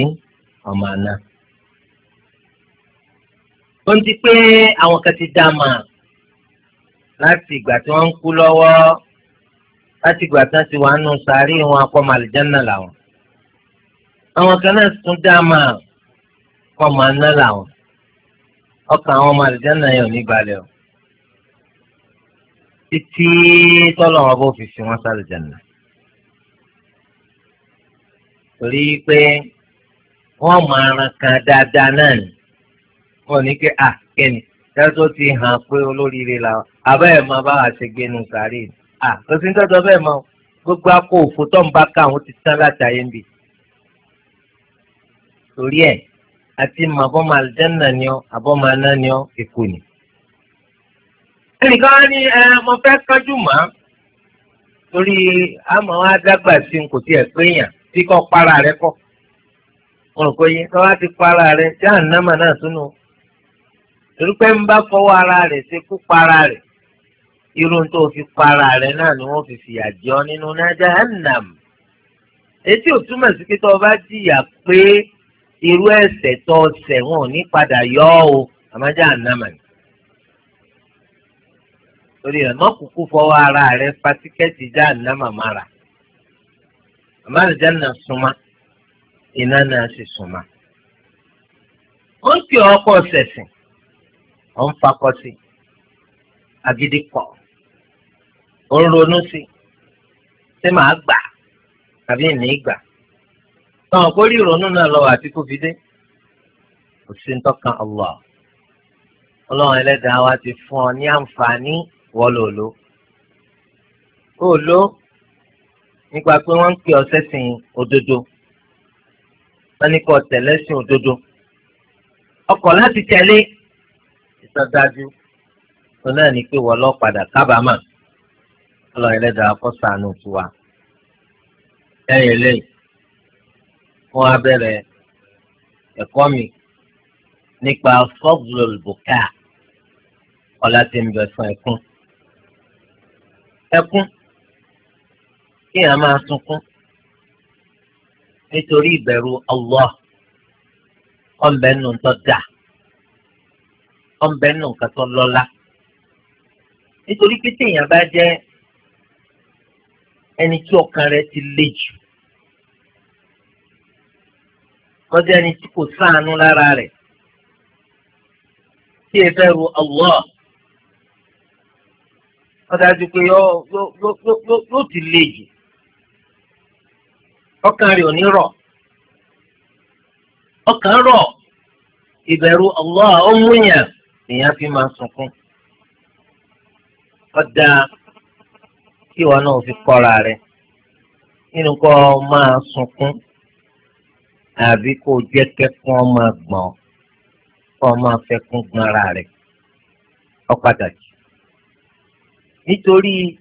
ọmọ àná. ó ń ti pé àwọn kan ti dá a mà láti ìgbà tí wọ́n ń kú lọ́wọ́ láti ìgbà tí wọ́n ti wà nù sàárì wọn akọ́mọ àlìjánná làwọn. àwọn kan náà tún dá a mà kọ́mọ àná làwọn. ọkàn àwọn ọmọ àlìjánná yẹn ò ní balẹ̀ o títí tọ́lọ̀ wọn bó fi fi wọn sálẹ̀ jẹ̀nà. torí pé wọ́n máa ran kan dáadáa náà ni wọ́n ní pé à kẹ́ni tẹ́tọ́ ti hàn pé olóríire làwọn abẹ́ẹ̀ máa bá àṣegbénu sàárè ni à kò sí tọ́jọ́ bẹ́ẹ̀ mọ́ gbogbo akó òfò tó ń bá ká àwọn ti tán láti ayé ń bì. torí ẹ̀ àti màbọ́mọ àlùjànnà ni ọ́ àbọ́mọ aná ni ọ́ èkó ni ẹnìkan ní ẹ mo fẹ́ kánjú mọ́ torí àmọ́ adágbà sí n kò tiẹ̀ pé yàn tí kò para rẹ kọ́ mo rò pé yín kọ́ wá ti para rẹ tí ànámà náà túnú torí pé ń bá fọwọ́ ara rẹ̀ ṣe kú para rẹ̀ irun tó fi para rẹ̀ náà ni wọ́n fi fìyà jẹ ọ́ nínú Jahannam etí ò túmọ̀ sí pé tó jìyà pé irú ẹ̀ṣẹ̀ tó ṣẹ̀ wọn ò ní padà yọ ọ́ o àmọ́ Jahannam ni. torí rẹ̀ mọ́kùkú fọwọ́ ara rẹ fa tíkẹ́ẹ̀tì já àná màmá rà màmá rẹ̀ já nà súnmá iná náà sì súnmá. ó ń pè ọkọ ṣẹ̀sìn ó ń fakọ sí agídí pọ̀ ó ń ronú sí ṣé màá gbà tàbí ìní gbà táwọn kò rí ìrònú náà lọ àti kó fi dé kò sí ń tọ́ka wa ti fún ọ ní wọ́n lò ló ó ló nípa pé wọ́n ń pè ọ́ sẹ́sìn òdodo wọ́n ní kó tẹ̀lé sìn òdodo ọkọ̀ láti tẹ̀lé ìsọdájú tó náà ní pé wọ́n lọ padà kábàámà ọlọ́run ẹlẹ́dàá kó ṣàánú tiwa lẹ́yìn eléyìí wọ́n ẹ̀kọ́ mi nípa fọ́ọ̀bù lòlùbùkà ọ̀la ti ń bẹ fún ẹkún. ẹkún kí èèyàn máa sunkún nítorí ìbẹ̀rù Allah ọ̀nbẹ nù tó dà ọ̀nbẹ nù kan tó lọ́lá nítorí pé téèyàn bá jẹ́ ẹni tí ọkàn ti le jù kọjá ẹni tí kò sáànú lára rẹ̀ Allah. wọ́n dájú pé yóò ti le jù ọkàn rẹ̀ ò ní rọ̀ ọkàn rọ̀ ìbẹ̀rù Allah ó mú yàn èèyàn fi máa sunkún ọ̀dà kí ìwọ náà fi kọ́ra rẹ̀ nínú kọ́ máa sunkún àbí kó jẹ́ kẹ́kọ̀ọ́ máa gbọ̀n kọ́ máa fẹ́kún gbọ́n ara rẹ̀ ó nítorí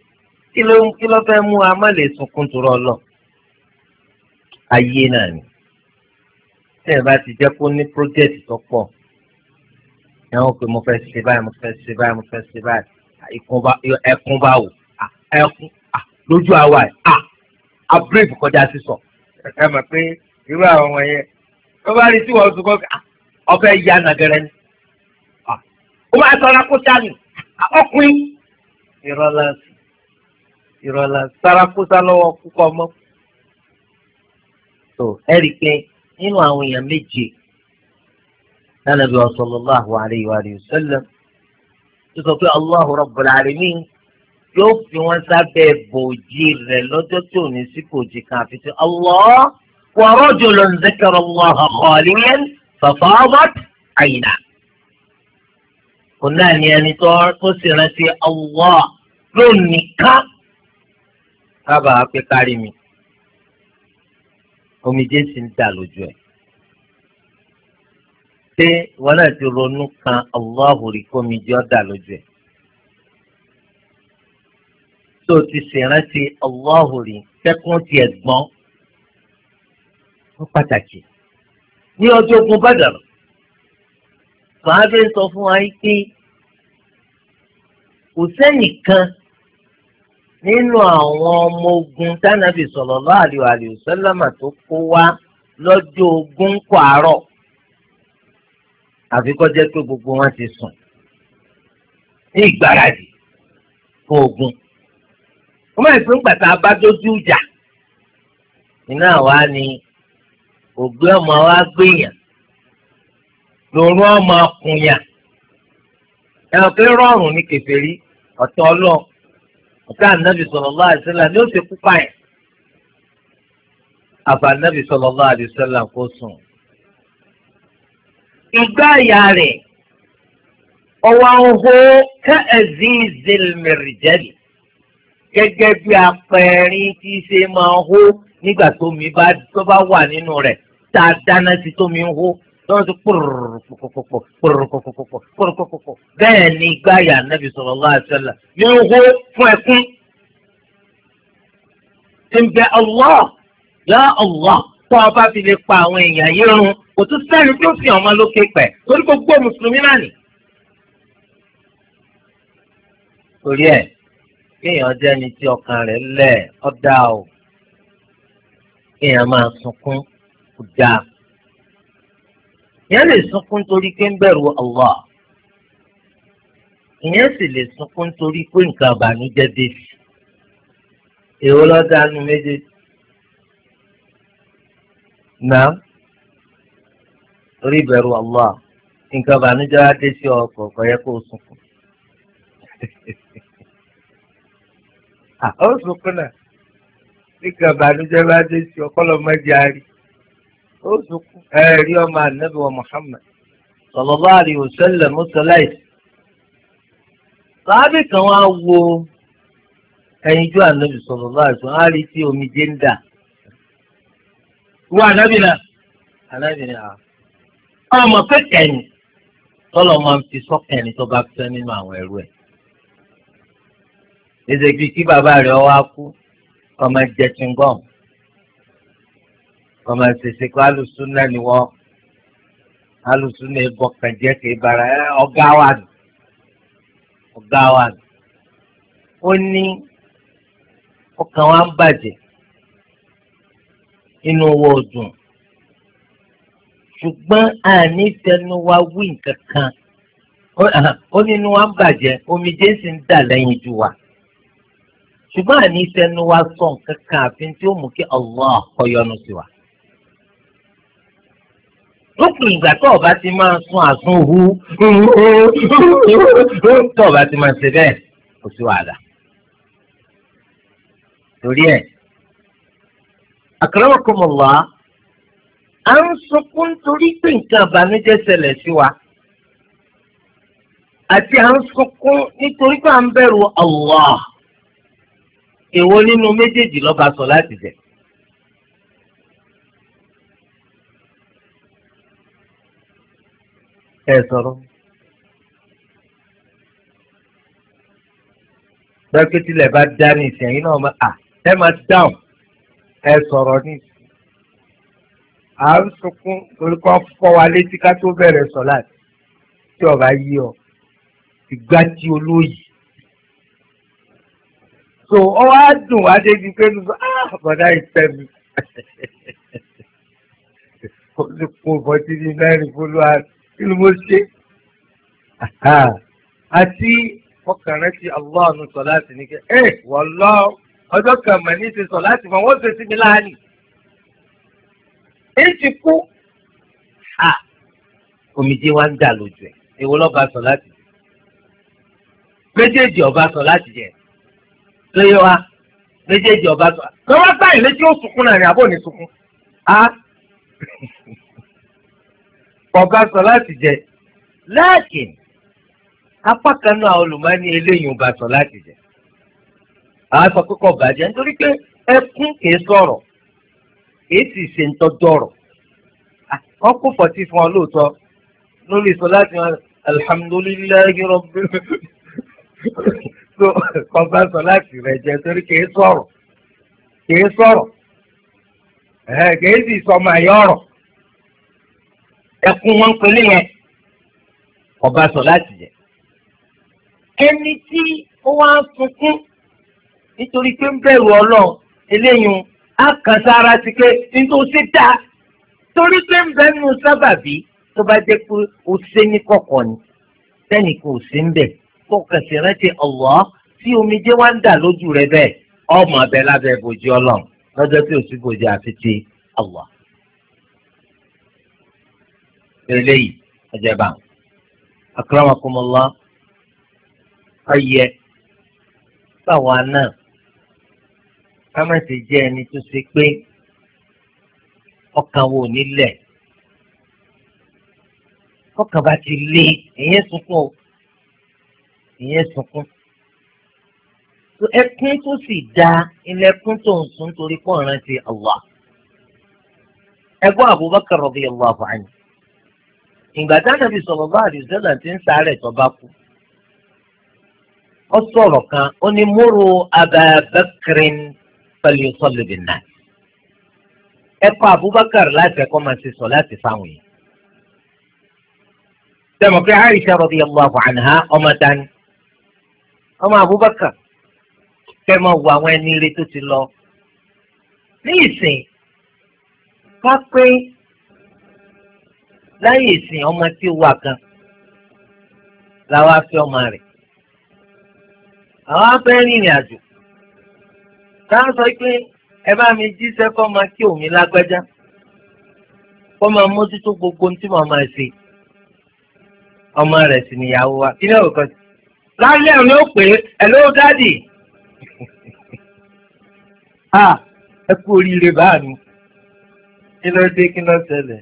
kí ló kí ló fẹ́ mú a má lè sunkún turọ lọ ayé náà ni tẹ́ ẹ bá ti jẹ́ kó ní project tó pọ̀ ẹ̀wọ̀n pé mo fẹ́ ṣe báyìí mo fẹ́ ṣe báyìí mo fẹ́ ṣe báyìí ẹkún bá wò ẹkún lójú àwa ẹ abrèbù kọjá sísọ ẹ mọ̀ pé irú àwọn ọmọ yẹn tó bá rí tí wọ́n sọ kọ́kọ́ ọbẹ̀ ya nàgẹrẹ ni ó máa sọ ọ́nà kó sánù ọkùnrin ìrọ̀lá ìrọ̀lá sárakúsá lọ́wọ́ kúkọ́ mọ́. tó ẹ rí i pé nínú àwọn èèyàn méje lánàbí sallallahu alayhi wa sallam tó sọ pé Allahu rabbul alamin yóò fi wọn sábẹ́ bòjì rẹ̀ lọ́jọ́ tó ní sí bòjì kan àfi tí Allah wa rajulun zakara Allaha khaliyan fa fadat aynahu kò náà ní ẹni tó tó sì rántí Allah lónìí ká kábàá pé kárí mi omijé sì ń dà lójú ẹ̀ pé wọn náà ti ronú kan Allahu rí kómijé ó dà lójú ẹ̀ tó ti ṣèrántí Allahu rí kẹ́kún tiẹ̀ gbọ́n ó pàtàkì ní ọjọ́ ogun bàdàrà sàábé sọ fún wa pé kò sẹ́nìkan nínú àwọn ọmọ ogun tánàbì sallallahu alaihi wa sallam tó kó wá lọ́jọ́ ogun kọ́ àárọ̀ àfi kọ́ jẹ́ pé gbogbo wọn ti sùn ní ìgbáradì fún ogun wọ́n máa ń pín pàtà ìjà iná wa ni ògbé ọmọ wa gbéyàn lòrùn á máa kun yà ẹ̀rọ pé rọrùn ní kèfèrí ọ̀tọ̀ ọlọ́ọ̀ ọ̀tá ànábì sallallahu alaihi wasallam ni ó ti kú pààyàn àbá ànábì sallallahu alaihi wasallam kó sùn. ìgbà àyà rẹ̀ ọwọ́ ahóhó ka'azizil mirjali gẹ́gẹ́ bí apẹ̀rin tí í ṣe máa hó nígbà tómi bá bá wà nínú rẹ̀ tá a dáná sí tómi ń hó lọ́wọ́ sí pòròpòpòpò pòròpòpòpò pòròpòpòpò bẹ́ẹ̀ ni gbáyà nàbì sallallahu alaihi wasallam yóò hó fún ẹkún tí ń bẹ Allah ya Allah tó ọba fi lè pa àwọn èèyàn yìí run kò tún sẹ́ni tó fi ọmọ lókè pẹ̀ torí gbogbo mùsùlùmí náà nì. torí ẹ̀ kéèyàn jẹ́ ẹni tí ọkàn rẹ̀ lẹ̀ ọ́ dáa o kéèyàn máa sunkún kó dáa ìyẹn lè sunkún torí pé ń bẹ̀rù Allah ìyẹn sì lè sunkún torí pé nǹkan àbànújẹ́ dé sí èwo lọ́dà nu méjèèjì náà torí ìbẹ̀rù Allah nǹkan àbànújẹ́ wá dé sí ọkọ̀ kò yẹ kó sunkún àwọn sunkún náà nǹkan àbànújẹ́ wá dé sí ọkọ̀ lọ́mọdé àárín ẹ̀rí ọmọ ànábì wa Muhammad sallallahu alaihi wasallam mọ́sálàìsì. sàábì kan wá wo ẹyinjú ànábì sallallahu alaihi wasallam á rí tí omijé ń dà. wọ ànábì náà ànábì náà ọmọ ah. pé kẹ́yìn tọ́lọ̀ máa ń fi sọ́kàn ẹni tó bá fẹ́ nínú àwọn ẹrú ẹ̀. èdè kí bàbá rẹ̀ wá kú ọmọ jẹ chingom ọmọ ẹ̀sẹ̀sẹ̀ kó alùsùn náà ni wọ́n alùsùn náà bara ẹ wa nù Ọgá wa nù ó ní ọkàn wa ń bàjẹ́ inú owó ọdún ṣùgbọ́n àní tẹnu wa wí nǹkan kan ó nínú wa ń bàjẹ́ omijé sì ń dà ju wa ṣùgbọ́n àní tẹnu wa sọ àfi tí ó mú kí yọnu sí wa. lópin ìgbà tó o bá ti máa sun àsun hu tó o bá ti máa ṣe bẹ́ẹ̀ kò sí wàhálà. torí ẹ̀ akramakumullah à ń sunkún torí pé nǹkan àbànújẹ́ ṣẹlẹ̀ sí wa àti à ń sunkún nítorí pé à ń bẹ̀rù Allah èwo nínú méjèèjì lọ́ba sọ láti jẹ́. ẹ sọ̀rọ̀. dókítìlẹ̀ bá dá ní ìsìn ẹ̀yin náà máa ẹ máa dáhùn ẹ sọ̀rọ̀ ní ìsìn. à ń sunkún orúkọ fọ́ wa létí ká tó bẹ̀rẹ̀ sọ̀ láti tí ọba yí ọ ìgbà tí olóyè. so ọ wá dùn wá débi pé nù ah bọ̀dá ìfẹ́ mi olùkọ́ bọ́tí ní mẹ́rin fúlùwàsì kí ni mo ṣe ah. àti ọkàn rẹ ti allah nu sọ láti ní kẹ eh, ẹ wọlọ ọjọ́ kan mà ní ti sọ láti mọ wọn ṣe sí mi láàánì èyí ti kú omijé wa ń dà lójú ẹ èwo lọba sọ láti jẹ méjèèjì ọba sọ láti jẹ lóye wa méjèèjì ọba sọ lọ́wọ́ sáyìn létí ó sunkún náà ní abọ́ ní sunkún ọba sọ láti jẹ láàkìn apá kan náà àwọn olùmọ́ni eléyìí ọba sọ láti jẹ àwọn sọ pé kò bàjẹ́ nítorí pé ẹkún kìí sọ̀rọ̀ kìí sì ṣe ń tọ́jú ọ̀rọ̀ wọ́n kó fọ̀tí fún ọ lóòótọ́ lórí sọ láti wọn alihamudulilayi rọ̀bì kò sọ láti rẹ̀ jẹ torí kìí sọ̀rọ̀ kìí sọ̀rọ̀ kìí sì sọ màá yọ̀rọ̀ ẹkún wọn pélé yẹn ọba sọ láti jẹ ẹni tí ó wá ń sunkún nítorí pé ń bẹ̀rù ọlọ́run eléyìí á kàn sára sí pé nítorí ṣe dá torí pé ń bẹ́ẹ̀ sábàbí tó bá jẹ́ pé o ṣe ní kọ̀kọ̀ ni sẹ́ni kò sí ń bẹ̀ kó kẹsì rántí Allah tí omijé wá ń dà lójú rẹ bẹ́ẹ̀ ọmọ abẹ lábẹ́ bòjú ọlọ́run lọ́jọ́ tí o sì bòjú àfi ti Allah eléyìí ẹjẹba akramakumullah ayẹ báwa náà kámẹ́sì jẹ́ ẹni tó ṣe pé ọkàn wo nílẹ̀ ọkàn bá ti lé ìyẹn sunkún o ìyẹn sunkún ẹkún tó sì da ilẹ̀kùn tó ń sun torí pọ̀ rántí Allah ẹgbọ́n Abubakar radiyallahu anhu ìgbà tí ànábì sọ̀rọ̀ bá àdìsẹ́lẹ̀ ti ń sáré tó bá kú ó sọ̀rọ̀ kan ó ní múru abẹ́bẹ́kìrín pẹ̀lú sọ́lẹ̀bì náà ẹ kọ́ Abubakar láti ẹ̀kọ́ máa ṣe sọ láti fáwọn yìí. sẹ́mi pé Aisha radiyallahu anha ọmọ dání ọmọ Abubakar kẹ́ máa àwọn ẹni ire tó ti lọ ní ìsìn ká pé láyé ìsìn ọmọ tí ó wà gan làwọn afẹ́ ọmọ rẹ̀ àwọn afẹ́ rìnrìn àjò ká sọ pé ẹ bá mi jíṣẹ́ kọ́ máa kí òmí lágbájá kọ́ máa mójútó gbogbo tí mo máa ṣe ọmọ rẹ̀ sì níyàwó wa kí ló kọ́ lálẹ́ òní ó pè é ẹ̀ ló dádì ẹ kú oríire báà mi kí ló dé kí ló ṣẹlẹ̀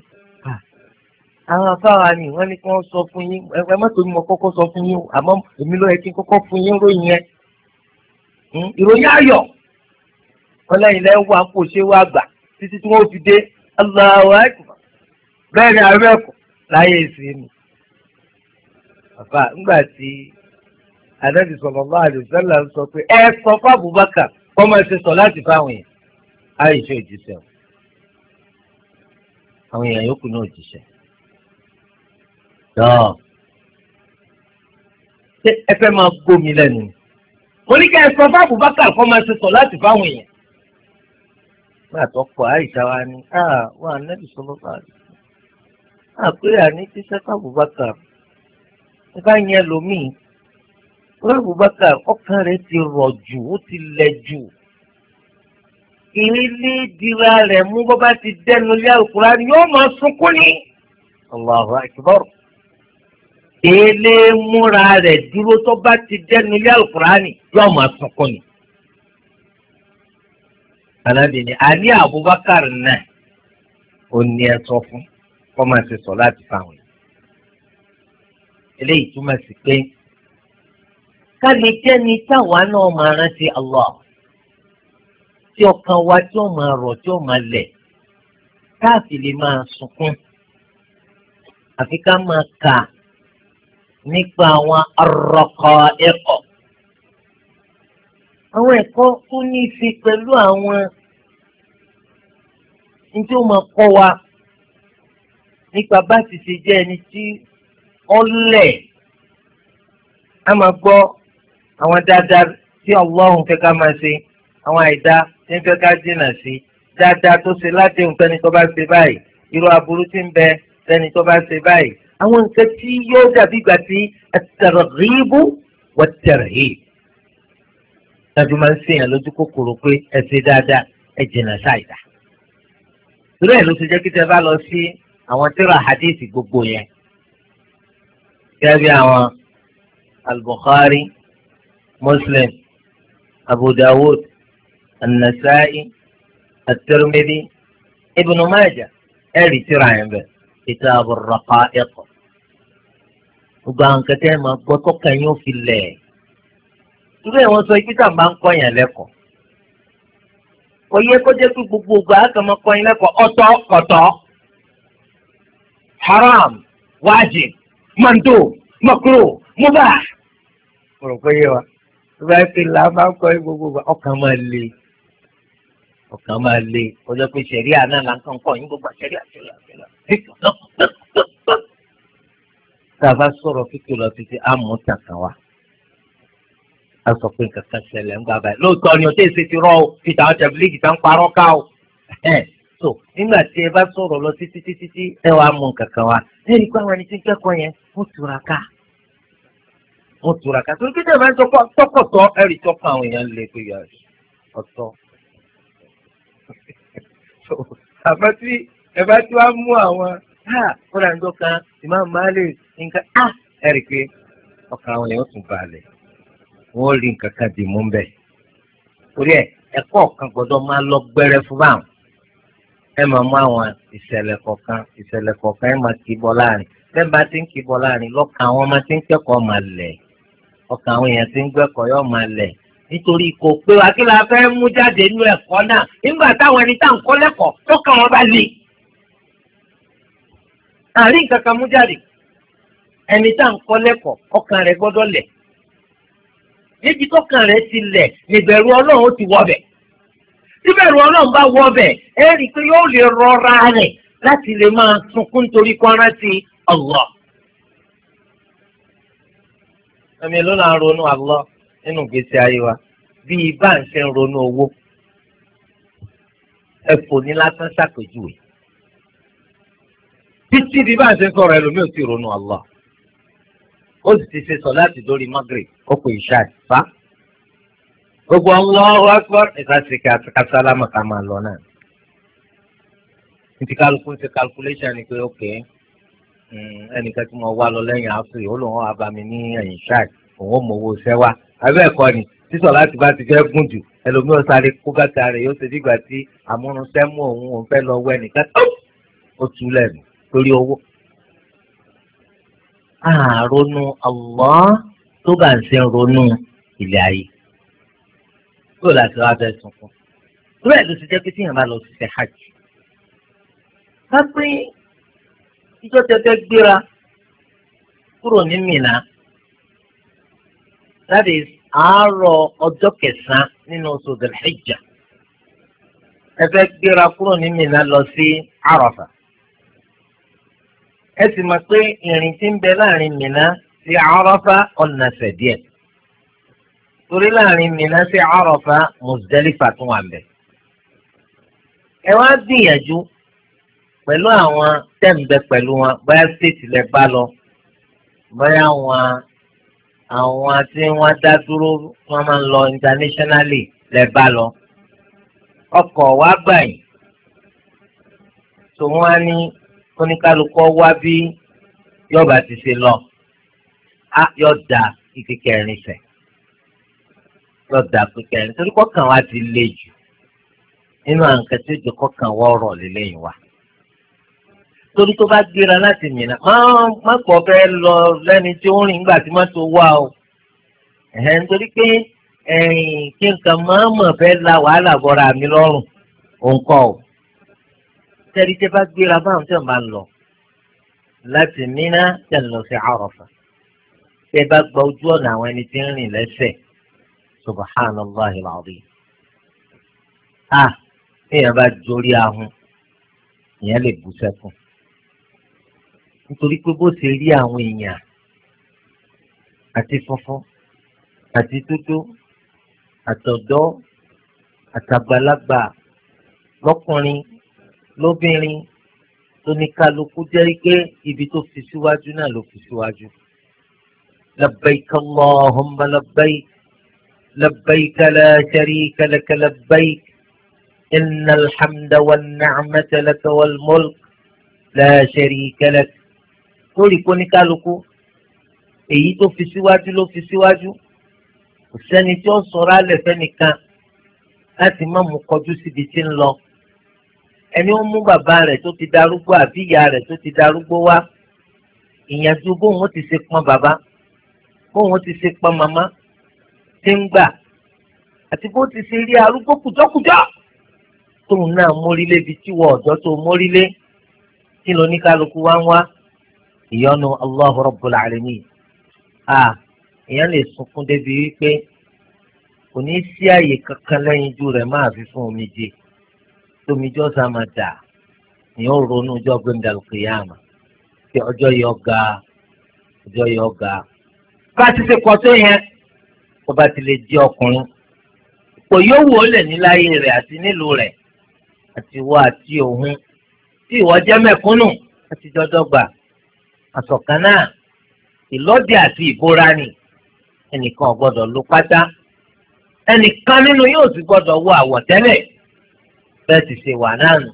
àwọn afáwa ni wọ́n ní kí wọ́n sọ fún yín ẹ má tóbi mọ kọ́kọ́ sọ fún yín àmọ́ èmi ló yẹ kí n kọ́kọ́ fún yín ròyìn yẹn hmm? ìròyìn ayọ̀ wọn lẹ́yìn lẹ́yìn wà kó ṣe wá gbà títí tí wọ́n fi dé Allahu Akbar bẹ́ẹ̀ ni àárẹ̀ ẹ̀kọ́ láyé ìsinmi bàbá ńgbà tí Ànábì sallallahu alaihi wasallam sọ pé ẹ sọ fún Abubakar kọ́ máa ṣe sọ láti fáwọn yẹn àìṣe òjíṣẹ́ àwọn èèyàn yòókù náà òjíṣẹ́ náà ṣé ẹ fẹ́ máa gbómi lẹ́nu mo ní ká ẹ sọ fún Abubakar kó máa ṣe sọ láti fáwọn èèyàn nígbà tó kọ àìsà wa ni wà nẹ́bí sọ́lọ́ bá rí àpéyà ní tíṣẹ́ kábùbákàr nígbà yẹn lómìn kábùbákàr ọkàn rẹ̀ ti rọ̀ jù ó ti lẹ̀ jù ìrírí dira rẹ̀ mú bọ́bá ti dẹnu lé àlùkùrá ni yóò máa sunkún ní. Allahu akbar èlé múra rẹ̀ dúró tó bá ti dẹnu ilé alukurani yóò máa sunkún ni. Ànábì ni Ali Abubakar náà ó ní ẹ̀tọ́ fún kó máa ṣe sọ láti fáwọn. Eléyìí túmọ̀ sí pé káni jẹ́ni táwa náà máa rántí Allah tí ọkàn wa tí ó máa rọ̀ tí ó máa lẹ̀ káàfin lè máa sunkún àfi ká máa kà á nípa àwọn arọkọ ẹ̀kọ́ àwọn ẹ̀kọ́ tó ní í ṣe pẹ̀lú àwọn ní tí ó máa kọ́ wa nípa bá ti ṣe jẹ́ ẹni tí ọlẹ̀ a máa gbọ́ àwọn dáadáa tí ọlọ́run fẹ́ máa ṣe àwọn àìdá tí ń fẹ́ ká dínà sí dáadáa tó ṣe láti nǹkan ẹni tó bá ṣe báyìí irú aburú tí ń bẹ lẹ́ni tó bá ṣe báyìí àwọn nǹkan tí yóò dàbí ìgbà tí at-targhibu wat-tarhib dájú máa ń ṣèyàn lójú kòkòrò pé ẹ ṣe dáadáa ẹ jìnnà ṣàìdá. torí ẹ̀ ló ti jẹ́ kí tẹ bá lọ sí àwọn tíra hadithi gbogbo yẹn. gẹ́gẹ́ àwọn al Muslim Abu Dawud an-Nasa'i at-Tirmidhi ẹ̀rí tíra yẹn bẹ̀ Kitab ar gbogbo àwọn kẹtẹ́ máa gbọ́ tọ́kàn yín ó fi lẹ̀ irú ẹ̀ wọ́n sọ ibi tá à ń bá ń kọ́ yẹn lẹ́kọ̀ọ́ kò yẹ pé gbogbo ògbà á kàn máa kọ́ yín lẹ́kọ̀ọ́ ọ̀tọ̀ haram wajib mando makro mubah mo rò pé yé wa bí wọ́n fi là á máa ń kọ́ yín gbogbo ògbà ọkàn máa le ọkàn máa le kó pé sẹ̀ríà náà là ń kàn kọ́ yín gbogbo sẹ̀ríà sẹ̀ríà sẹ̀ríà tá a bá sọ̀rọ̀ fífi lọ títí á mú tàkàn wá a sọ pé nǹkan kan ṣẹlẹ̀ ńgbà báyìí lóòótọ́ ni o tẹ́ ṣe ti rọ́ o ìta àwọn tẹ̀bílíìgì tá ń parọ́ ká o so nígbà tí ẹ bá sọ̀rọ̀ lọ títí títí tí ẹ wàá mú nǹkan kan wá ẹ rí i pé àwọn ẹni tí ń kẹ́kọ̀ọ́ yẹn wọ́n tura ká wọ́n tura ká torí kíndìn máa ń tọkọ̀tọ̀ ẹ rí tọkàn àwọn èèyàn lè pé yàrá ọ̀tọ̀ àmọ́ tí ẹ bá tí wàá mú àwọn nǹkan ah! ẹ rí i pé ọkàn wọn rí nǹkan kan dì mú bẹ́ẹ̀ orí lọ fún báwọn ẹ máa mú àwọn ìṣẹ̀lẹ̀ kọ̀ọ̀kan ìṣẹ̀lẹ̀ kọ̀ọ̀kan ẹ máa láàrin ti ń laarin láàrin lọ́kàn àwọn ọmọ ti ń ma máa lẹ̀ ọkàn àwọn ti ń gbẹ́kọ̀ọ́ ma máa Nitori nítorí kò pé wa kí la fẹ́ mú jáde nínú ẹ̀kọ́ ẹni tá à ń kọ́ lẹ́kọ̀ọ́ bá ẹni tá à ń kọ́ lẹ́kọ̀ọ́ ọkàn rẹ̀ gbọ́dọ̀ lẹ̀ níbi tọ́kàn rẹ̀ ti lẹ̀ níbẹ̀rù ọlọ́run ó ti wọbẹ̀ níbẹ̀rù ọlọ́run bá wọbẹ̀ ẹ rí i pé yóò lè rọra rẹ̀ láti lè máa sunkún nítorí kọ́ra sí Allah. ẹ̀mí ló náà ronú Allah nínú ìgbésí ayé wa bíi bá ń ṣe ń ronú owó ẹ kò ní lásán ṣàpèjúwe títí bí bá ń ṣe ń sọ̀rọ̀ ẹlòmíì ò sì ronú Allah ó sì ti ṣe sọ láti dórí Maghrib ó pè ìṣá ìfá gbogbo Allahu Akbar ìsàsìkè àtàkásálámà ká máa lọ náà ní kálukú ti calculation ni pé ok mm, ẹnìkan tí mo wá lọ lẹ́yìn àfúrì ó lòun abami ní ẹ̀yìn ṣáì òun ò mọ̀wó iṣẹ́ wa abẹ́ ẹ̀kọ́ ni sísọ láti bá ti fẹ́ gùn jù ẹlòmíràn sáré kó bàtà rẹ̀ yóò ṣe dìgbà tí amúnusẹ́mú òun òun fẹ́ lọ wẹ́ nìkan ó tú lẹ́nu torí owó àrònú Allah tó bá ń ṣe ronú ilé ayé tó láti wá bẹ́ẹ̀ tuntun bẹ́ẹ̀ ló ti jẹ́ pé tíyẹn bá lọ sí ṣe hajj ká pé ìjọ tẹ́tẹ́ gbéra kúrò ní Mínà that is àárọ̀ ọjọ́ kẹsàn-án nínú oṣù Dhul-Hijjah ẹ fẹ́ gbéra kúrò ní Mínà lọ sí Àràfà ẹ sì mọ̀ pé ìrìn tí ń bẹ láàrin Mínà sí Àrọ́fà ọ̀nà sẹ̀díẹ̀ torí láàrin Mínà sí Àrọ́fà Muzdalifa tún wà bẹ̀. ẹ wá gbìyànjú pẹ̀lú àwọn tẹ̀m̀bẹ̀ pẹ̀lú wọn báyà stéètì lẹ bá lọ báyà wọn àwọn tí wọ́n dá dúró wọ́n máa ń lọ internationally lẹ bá lọ ọkọ̀ wá báyìí tó wọ́n ní oníkálukọ wá bí yọba ti ṣe lọ á yọ da ike kẹrin sẹ yọ da ike kẹrin torí kọkàn wa ti le jù nínú àǹkà tí ó jẹ kọkàn wọ ọ̀rọ̀ lélẹyìn wa torí tó bá gbéra láti mìíràn má pọ̀ fẹ́ lọ lẹ́ni tí ó rìn nígbà tí mọ́tò wà o nítorí pé kí nǹkan máa mọ̀ fẹ́ la wàhálà bọ́ra mi lọ́rùn òǹkọ́ o tẹ́rí tẹ́ bá gbéra báwọn tẹ́ máa lọ láti Mínà tẹ́ lọ sí Àràfà tẹ́ bá gba ojú ọ̀nà àwọn ẹni tí ń rìn lẹ́sẹ̀ subhanallahi alazim a èèyàn bá jórí ahun èèyàn lè bú sẹ́kùn nítorí pé bó ṣe rí àwọn èèyàn àti funfun àti dúdú àtọ̀dọ́ àtàgbàlagbà lọ́kùnrin lóbìnrin tóníkàlùkù jẹ́ pé ibi tó fi síwájú náà ló fi síwájú. لبيك اللهم لبيك لبيك لا شريك لك لبيك إن الحمد والنعمة لك والملك لا شريك لك lórí kóníkálukú èyí tó fi síwájú ló fi síwájú kò sẹ́ni tí ó sọ̀rọ̀ alẹ́ fẹ́nìkan láti má mú kọjú síbi tí ń lọ ẹni ó mú bàbá rẹ̀ tó ti darúgbó àbí ìyá rẹ̀ tó ti darúgbó wá ìyànjú bóun ti ṣe pọn bàbá bóun ti ṣe pọn màmá ti ń gbà àti bó ti ṣe rí arúgbó kùjọ́kùjọ́ tóun náà mórílé bíi tíwọ́ ọ̀dọ́ tó mórílé kí ló ní kálukú wá ń wá ìyọnu Allahu Rabbul Alamin a lè sunkún débi wípé kò ní sí àyè kankan lẹ́yìn ju rẹ̀ máa fi fún omi jẹ. tómijọ́ sàmàdà èèyàn ronú ọjọ́ gbẹ̀ndàlùkìyàmà pé ọjọ́ yọ ga ọjọ́ yọ ga bá a ti ṣe yẹn ọba bá ti lè jẹ́ ọkùnrin kò yóò wò ó lẹ̀ níláyé rẹ àti nílùú rẹ̀ àti wọ́ àti òun tí ìwọ jẹ́ mẹ̀kúnnù àti dọ́dọ́gba àsọ̀kan náà ìlọ́dẹ àti ìbora ni ẹnìkan ò gbọ́dọ̀ lu pátá ẹnìkan nínú yóò sì gbọ́dọ̀ wọ àwọ̀tẹ́lẹ̀ bẹ́ẹ̀ sì ṣe wà náà nù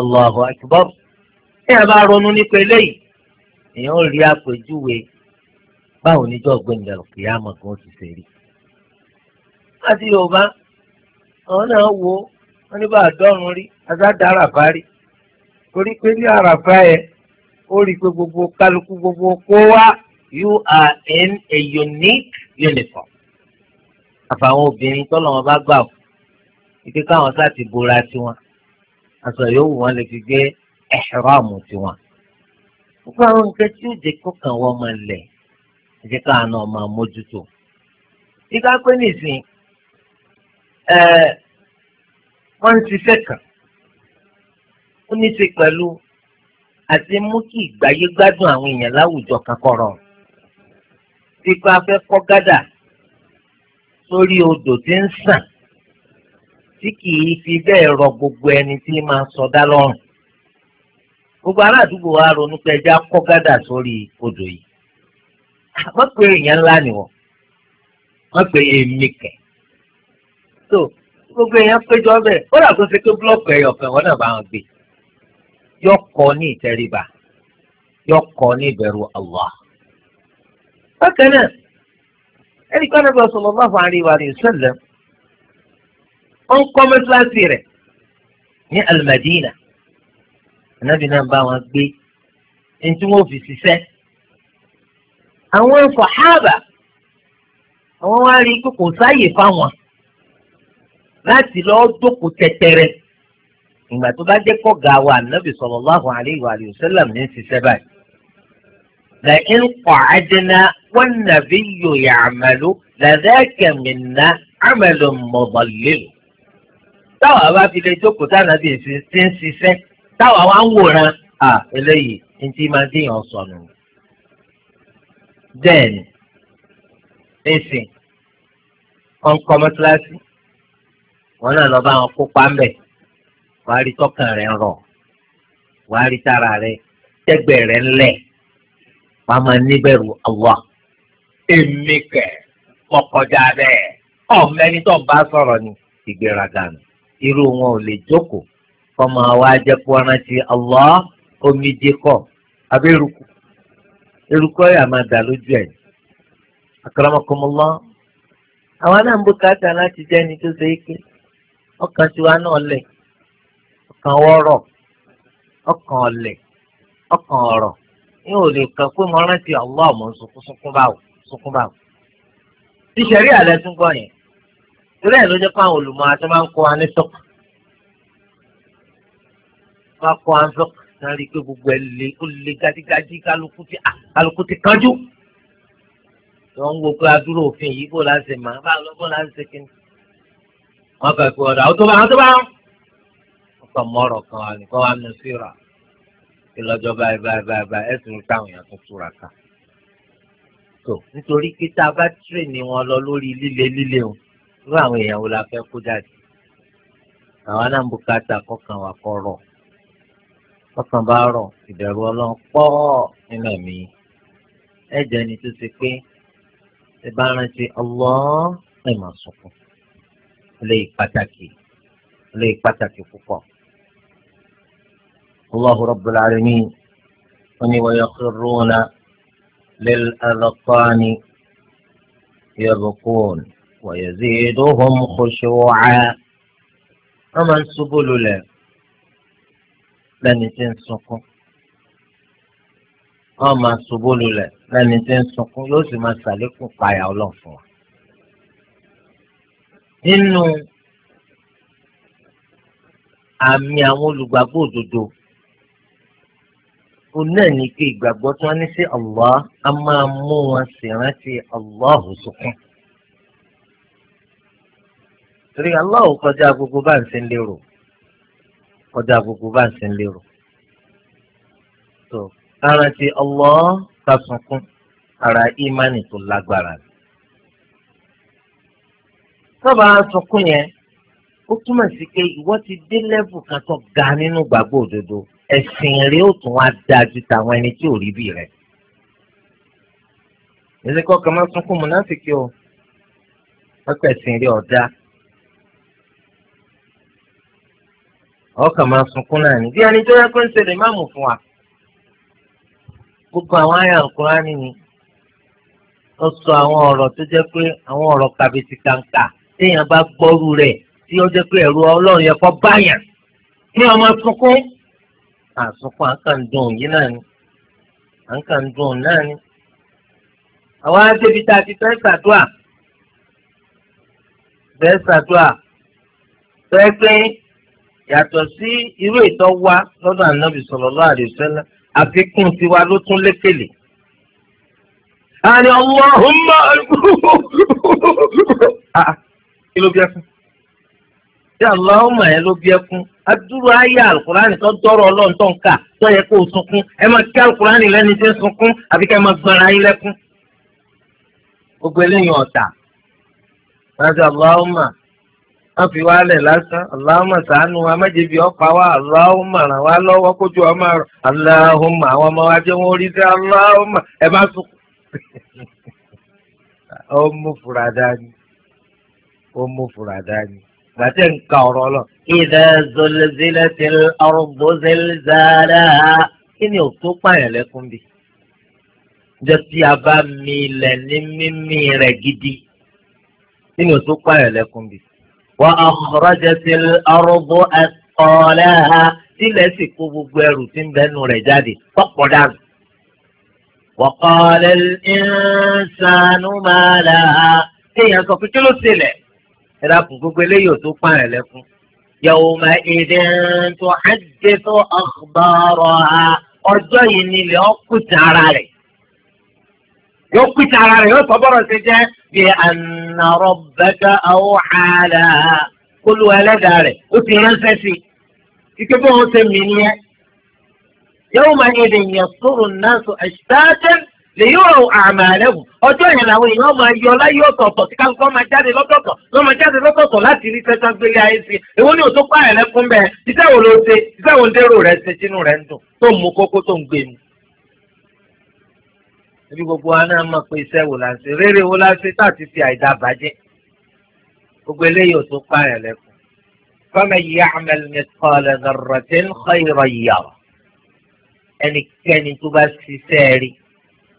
Allahu akbar tí a bá ronú nípa eléyìí èèyàn ó rí àpèjúwe báwo níjọ́ gbẹ̀ngàn òkèèyà mọ̀gán ti ṣe rí. láti yorùbá àwọn náà wo wọn ní bá àdọ́run rí asáda àràfá rí torí pé ní àràfá yẹn ó rí pé gbogbo kálukú gbogbo kó wá you are in a unique uniform. àfàwọn obìnrin tọ́lọ̀ wọn bá gbà fún ike káwọn sáàtì bora tiwọn aṣọ yòówù wọn lè fi gbé ẹ̀ṣọ́ràmù tiwọn. gbogbo àwọn nǹkan tí ó jẹ́ kọ́kàn wọ́n máa lẹ̀ ẹ̀jẹ̀ káwọn náà máa mójútó. ìka pé nìsín wọ́n ń ṣiṣẹ́ kan ó ní í ṣe pẹ̀lú àti mú kí ìgbáyé gbádùn àwọn èèyàn láwùjọ kan kọ̀rọ̀ ipa fẹ́ kọ́ gádà sórí odò tí ń sàn. tí kì í fi bẹ́ẹ̀ rọ gbogbo ẹni tí máa sọdá lọ́rùn. gbogbo ará wa ronú pé ẹja kọ́ gádà sórí odò yìí. wọ́n pe èèyàn ńlá wọ́n pe èmi so gbogbo èèyàn péjọ bẹ́ẹ̀ ó dàgbọ́ sí pé búlọ́ọ̀kì ẹ̀yọ̀ kan wọ́n náà bá wọn gbé. yọ kọ ní ìtẹríba yọ kọ ní ìbẹ̀rù Allah. bákan náà ẹnì kan náà bá wọ́n kọ́ mẹ́sàlásì rẹ̀ ní alimadina anabi náà bá wọn gbé ẹni tí wọ́n fi ṣiṣẹ́ àwọn sàhábà àwọn wá rí pé kò sáàyè fáwọn láti lọ́ọ́ jókòó tẹ̀tẹ̀rẹ̀ ìgbà tó bá jẹ́ kọ́ ga wa anabi sallallahu alayhi wa sallam ní ṣiṣẹ́ báyìí. لئن قعدنا والنبي يعمل لذاك منا عمل مضلل táwọn àwa fi lè jókòó táwọn àbí èsì ti ń ṣiṣẹ́ táwọn àwa ń wòran à eléyìí ní ti máa díyàn sọnù. bẹ́ẹ̀ni ẹ̀sìn wọn kọ́ mọ́tíláṣí wọn náà lọ bá wọn kópa ń bẹ̀ wàá rí tọkàn rẹ̀ ń rọ̀ wàá rí tára rẹ̀ tẹ́gbẹ̀ rẹ̀ ń lẹ̀ wàá máa níbẹ̀rù Allah èmi kẹ̀ mọ́kọjá bẹ́ẹ̀ ọ̀mẹ́ni tó ń bá sọ̀rọ̀ ni ìgbéraga nù. irú wọn ò lè jókòó kọ́mọ wa jẹ́ kó rántí Allah omijé eruku eruku ọ̀yà máa dà lójú ẹ̀ akramakumullah àwọn náà ń bó káàkiri láti jẹ́ ẹni tó ṣe é ké ọkàn tiwa náà lẹ̀ ọkàn ọkàn Allah mọ̀ sunkún sunkún báwò sunkún báwò. torí ẹ̀ ló jẹ́ pé àwọn olùmọ̀ àti máa ń kọ́ wa ní sọ́k máa kọ́ wa ní sọ́k náà rí i pé gbogbo ẹ̀ lè ó lè gajigaji kálukú ti ah, kálukú ti kánjú wọ́n ń wo pé adúrò òfin yìí bó láti mà bá lọ bó láti ṣe kí ni wọ́n kàn fi ọ̀dà àwọn tó bá àwọn tó bá wọ́n kàn mọ́rọ̀ kan wà nìkan wà nù síra ìlọ́jọ́ báyìí báyìí báyìí ẹ̀sìn ní táwọn èèyàn tó túra ká. nítorí pé tá a bá tírè ní wọn lọ lórí líle líle o irú àwọn èèyàn wo la fẹ́ kó jáde àwọn náà ń bùkátà kọkàn wà kọ rọ kọkàn bá rọ ìbẹ̀rù ọlọ́run pọ̀ nínú ẹ̀mí ẹ̀jẹ̀ ni tó ṣe pé ẹ bá rántí ọlọ́ọ̀ ẹ̀ máa sunkún pàtàkì lè pàtàkì púpọ̀. الله رب العالمين ويخرون للأذقان يبكون ويزيدهم خشوعا ومن سبل ń لن lulẹ̀ lẹ́ni سبل ń لن wọ́n máa ṣubú lulẹ̀ lẹ́ni tí ń sunkún yóò sì máa ṣàlékún payà ọlọ́fun wa. nínú àmì àwọn olùgbàgbọ́ òdodo òun ní pé ìgbàgbọ́ tí wọ́n ní sí Allah á máa mú wọn sì rántí Allah òsùnkún torí Allah kọjá gbogbo bá ń sin lérò kọjá gbogbo bá ń sin lérò tó kárántì Allah ká sunkún ara ìmánì tó lágbára ni sábà sunkún yẹn ó túmọ̀ sí pé ìwọ ti dé lẹ́bù kan tó ga nínú gbàgbọ́ òdodo ẹ̀sìn rẹ ó tún wá dáa ju tàwọn ẹni tí ò rí bí rẹ. ìdíkọ́ kan máa sunkún mùnáfíkì o wọ́n pẹ̀sìn rẹ ọ̀dá ọkàn máa sunkún náà ni bí ẹni tó yẹ kó ń ṣẹlẹ̀ má mú fún wa gbogbo àwọn àyà Kùránì ni ó sọ àwọn ọ̀rọ̀ tó jẹ́ pé àwọn ọ̀rọ̀ kàbìtì kàǹkà téèyàn bá gbọ́rú rẹ̀ tí ó jẹ́ pé ẹ̀rù Ọlọ́run yẹ kó báyàn ní ọmọ sunkún àsunkún àǹkàndùn yìí náà ni àǹkàndùn náà ni àwọn adébi tá a ti fẹ́ ṣàdúà fẹ́ ṣàdúà fẹ́ pín yàtọ̀ sí irú ìtọ́ wa lọ́dọ̀ ànábì sallallahu alaihi wasallam àfikún tiwa ló tún lékele. àní Allahumma ah, kí ló bí ẹkún tí Allahumma yẹn ló bí ẹkún adúrú ayé alukurani tó dọ́rọ̀ ọlọ́run tó ń kà tó yẹ kó o sunkún ẹ máa kí alukurani lẹ́ni tí ń sunkún àbí ká ẹ máa gbọ́n ayé lẹ́kún. gbogbo eléyìí ọ̀tà wọ́n á sọ Allahumma wọ́n fi wá lẹ̀ lásán aláwọ̀mọ̀ sànù wa méjèèjì ọ̀pá wa aláwọ̀mọ̀ ràn wá lọ́wọ́ kójú ọmọ rẹ̀ aláwọ̀mọ̀ àwọn ọmọ wa jẹ́ wọn orí sí aláwọ̀mọ̀ ẹ bá sùn. ó mú fura dání ó mú fura dání gbàtẹ́ nǹkan ọ̀rọ̀ lọ. ìdá zolzilẹ̀ ti ọ̀rùbó zelzala kí ni ò tó pààyàn lẹ́kún bí? jọ tí a bá mi lẹ̀ ní mímí rẹ̀ gidi kí ni ò tó pààyàn lẹ́kún bí? وأخرجت الأرض أثقالها sílẹ̀ sì kó gbogbo ẹrù tí ń bẹnu rẹ̀ jáde tọ́pọ̀ dànù. وقال الإنسان ما لها kéèyàn sọ pé kí ló ṣẹlẹ̀ ẹ dákun gbogbo eléyìí ò tó pààyàn lẹ́kún. يومئذ تحدث أخبارها ọjọ́ yìí nílẹ̀ ọkùnrin ara rẹ̀ yóò pìtà ara rẹ̀ yóò sọ bọ́rọ̀ ṣe jẹ́ bí anna rabbaka awha laha kólú ẹlẹ́dàá rẹ̀ ó ti ránṣẹ́ sí i kíkẹ́ bó ń ṣe mí nìyẹn. yawma'idhin yasduru an-nasu ashtatan lèyọ́rọ̀ a'malahum ọjọ́ yẹn làwọn èèyàn máa yọ láyé ọ̀tọ̀ọ̀tọ̀ tí káńkọ́ máa jáde lọ́tọ̀ọ̀tọ̀ lọ́ máa jáde lọ́tọ̀ọ̀tọ̀ láti rí tẹ́tọ́ gbélé ayé sí i ni òtó pààyàn lẹ́kún bẹ́ẹ̀ iṣẹ́ wo ló ṣe iṣẹ́ wo ń dérò rẹ̀ ṣe sínú rẹ̀ ń dùn tó ń mú kókó tó ń gbé mu ibi gbogbo wa náà mọ̀ pé iṣẹ́ wò la ṣe rere wo la ṣe táà ti fi àìdá bàjẹ́ gbogbo eléyìí ò tó pààyàn lẹ́kùn. faman ya'mal mithqala dharratin khayran yarah ẹnikẹ́ni tó bá ṣiṣẹ́ rí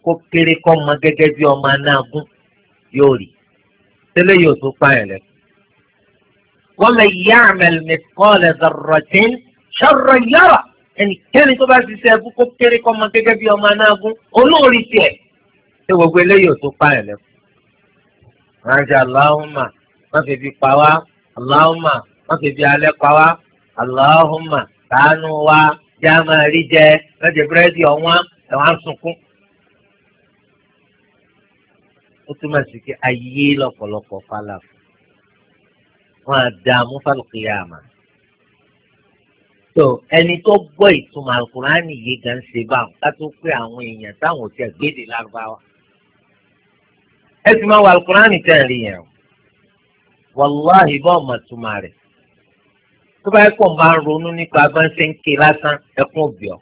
kó kéré kọ́ mọ gẹ́gẹ́ bí ọmọ anágún yóò rí tẹ́lẹ̀ yóò tó pààyàn lẹ́kùn. waman ya'mal mithqala dharratin sharran yarah ẹnikẹ́ni tó bá ṣiṣẹ́ ṣé gbogbo eléyìí ò tó pààyàn lẹ́kọ̀ọ́ wọn á ṣe aláhùnmá wọn fi bí pa wá aláhùnmá wọn fi bí alẹ́ pa wá aláhùnmá tàánú wa já máa rí jẹ lọ́jọ́ búrẹ́dì ọ̀wọ́n ẹ̀wọ̀n á sunkún. ó túmọ̀ sí pé ayé lọ́pọ̀lọpọ̀ fálà wọn á dààmú fálùkìyà àmà tó ẹni tó gbọ́ ìtumọ̀ alukurani yìí gan ṣe báwọn ká tó pé àwọn èèyàn táwọn ò tẹ̀ gbéde lárúbáwá. ẹ sì máa wà alukurani tẹ̀ ẹ̀ rí yẹn o wàláhì bá ọmọ tuma rẹ̀ tó bá yẹ kó máa ronú nípa bá ń ṣe ń ké lásán ẹkún òbí ọ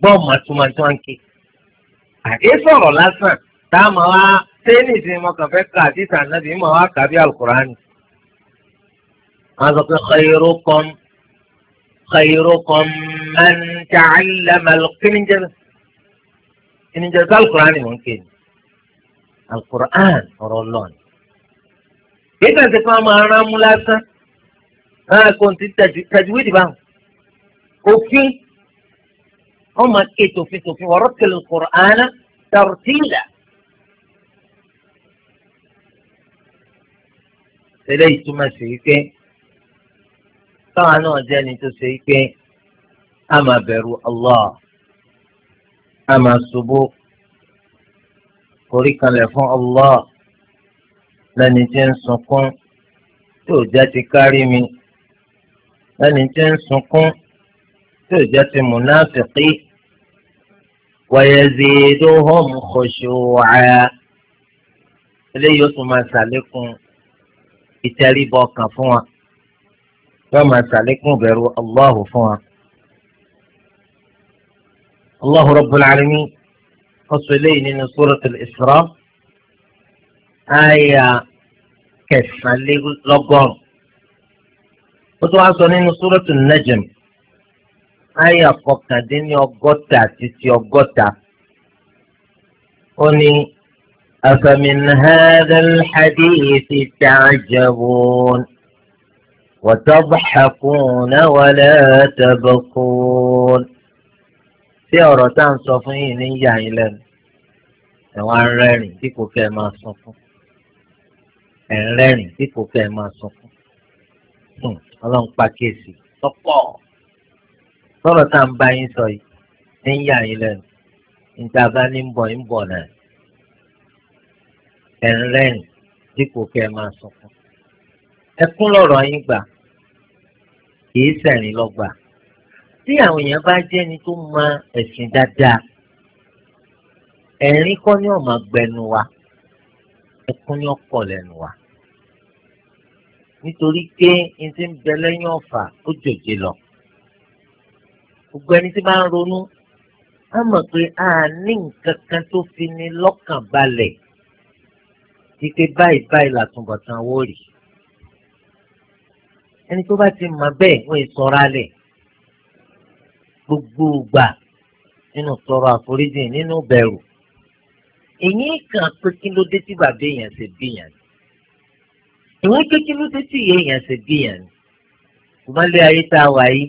bá ọmọ tuma tó ń ké àdé sọ̀rọ̀ lásán tá a máa wá tẹ́ẹ̀nì sí mo kàn fẹ́ kà àti sànàbí mo wá kà bí alukurani wọn sọ pé khayrukum khayrukum man ta'allama alukini jẹ́bẹ̀. ìníjẹ sí alukur'an ni mò ń ké ni alukur'an ọ̀rọ̀ lọ́ọ̀ni. yìí kàn sí fún ọmọ ara mú lásán ara kò ti tajwidi báwọn òfin ọmọ ké tòfin tòfin ọ̀rọ̀ tẹ̀lé alukur'an tartila. tẹ́lẹ̀ ìtumọ̀ sí wípé táwọn náà jẹ́ ni tó ṣe wípé a máa bẹ̀rù Allah. a máa ṣubú forí kanlẹ̀ fún Allah lẹ́ni tí ń sunkún tí ò jẹ́ ti kárí mi lẹ́ni tí ń sunkún tí ò jẹ́ ti múnáfìkì wa yaziduhum khushu'a eléyìí ó tún máa ṣàlékún ìtẹríbọ ọkàn fún wa yóò máa ṣàlékún ìbẹ̀rù Allah fún wa. الله رب العالمين فصلين من سورة الإسراء آية كيف اللي لقر وتواصل من سورة النجم آية فقدين يوغوتا تيتي يوغوتا أني أفمن هذا الحديث تعجبون وتضحكون ولا تبقون ṣé ọ̀rọ̀ tá à ń sọ fún yìí ní yà yín lẹ́nu ẹ̀wọ̀n arẹ́rìn tí kò ẹ máa sọ fún ẹ̀rẹ́rìn tí kò ẹ máa sọ fún hmm, ọlọ́run pàkíyèsí tọ́pọ̀ sọ̀rọ̀ tá à ń bá yín sọ yìí ní yà yín lẹ́nu níta bá máa sọ fún ẹkún yín kì í sẹ̀rìn tí àwọn èèyàn bá jẹ́ ni tó mọ ẹ̀sìn dáadáa ẹ̀rín kọ́ ni ó máa gbẹnu wa ẹkún ni ó kọ̀ lẹ́nu wa nítorí pé n ti ń bẹ lẹ́yìn ọ̀fà ó jòjì lọ gbogbo ẹni tí bá ń ronú á mọ̀ pé a ní nǹkan kan tó fi ni lọ́kàn balẹ̀ wípé báyìí báyìí làtúbọ̀tán owó rì ẹni tó bá ti mọ̀ bẹ́ẹ̀ wọ́n ì sọra lẹ̀ gbogbo gbà nínú tọrọ àforíjì nínú bẹ̀rù èyí kan pé kí ló dé tí bàbá èèyàn ṣe bí yàn ni ìwọ́n pé kí ló dé tí ìyá èèyàn ṣe bí yàn ni ṣùgbọ́n lé ayé tá a wà yìí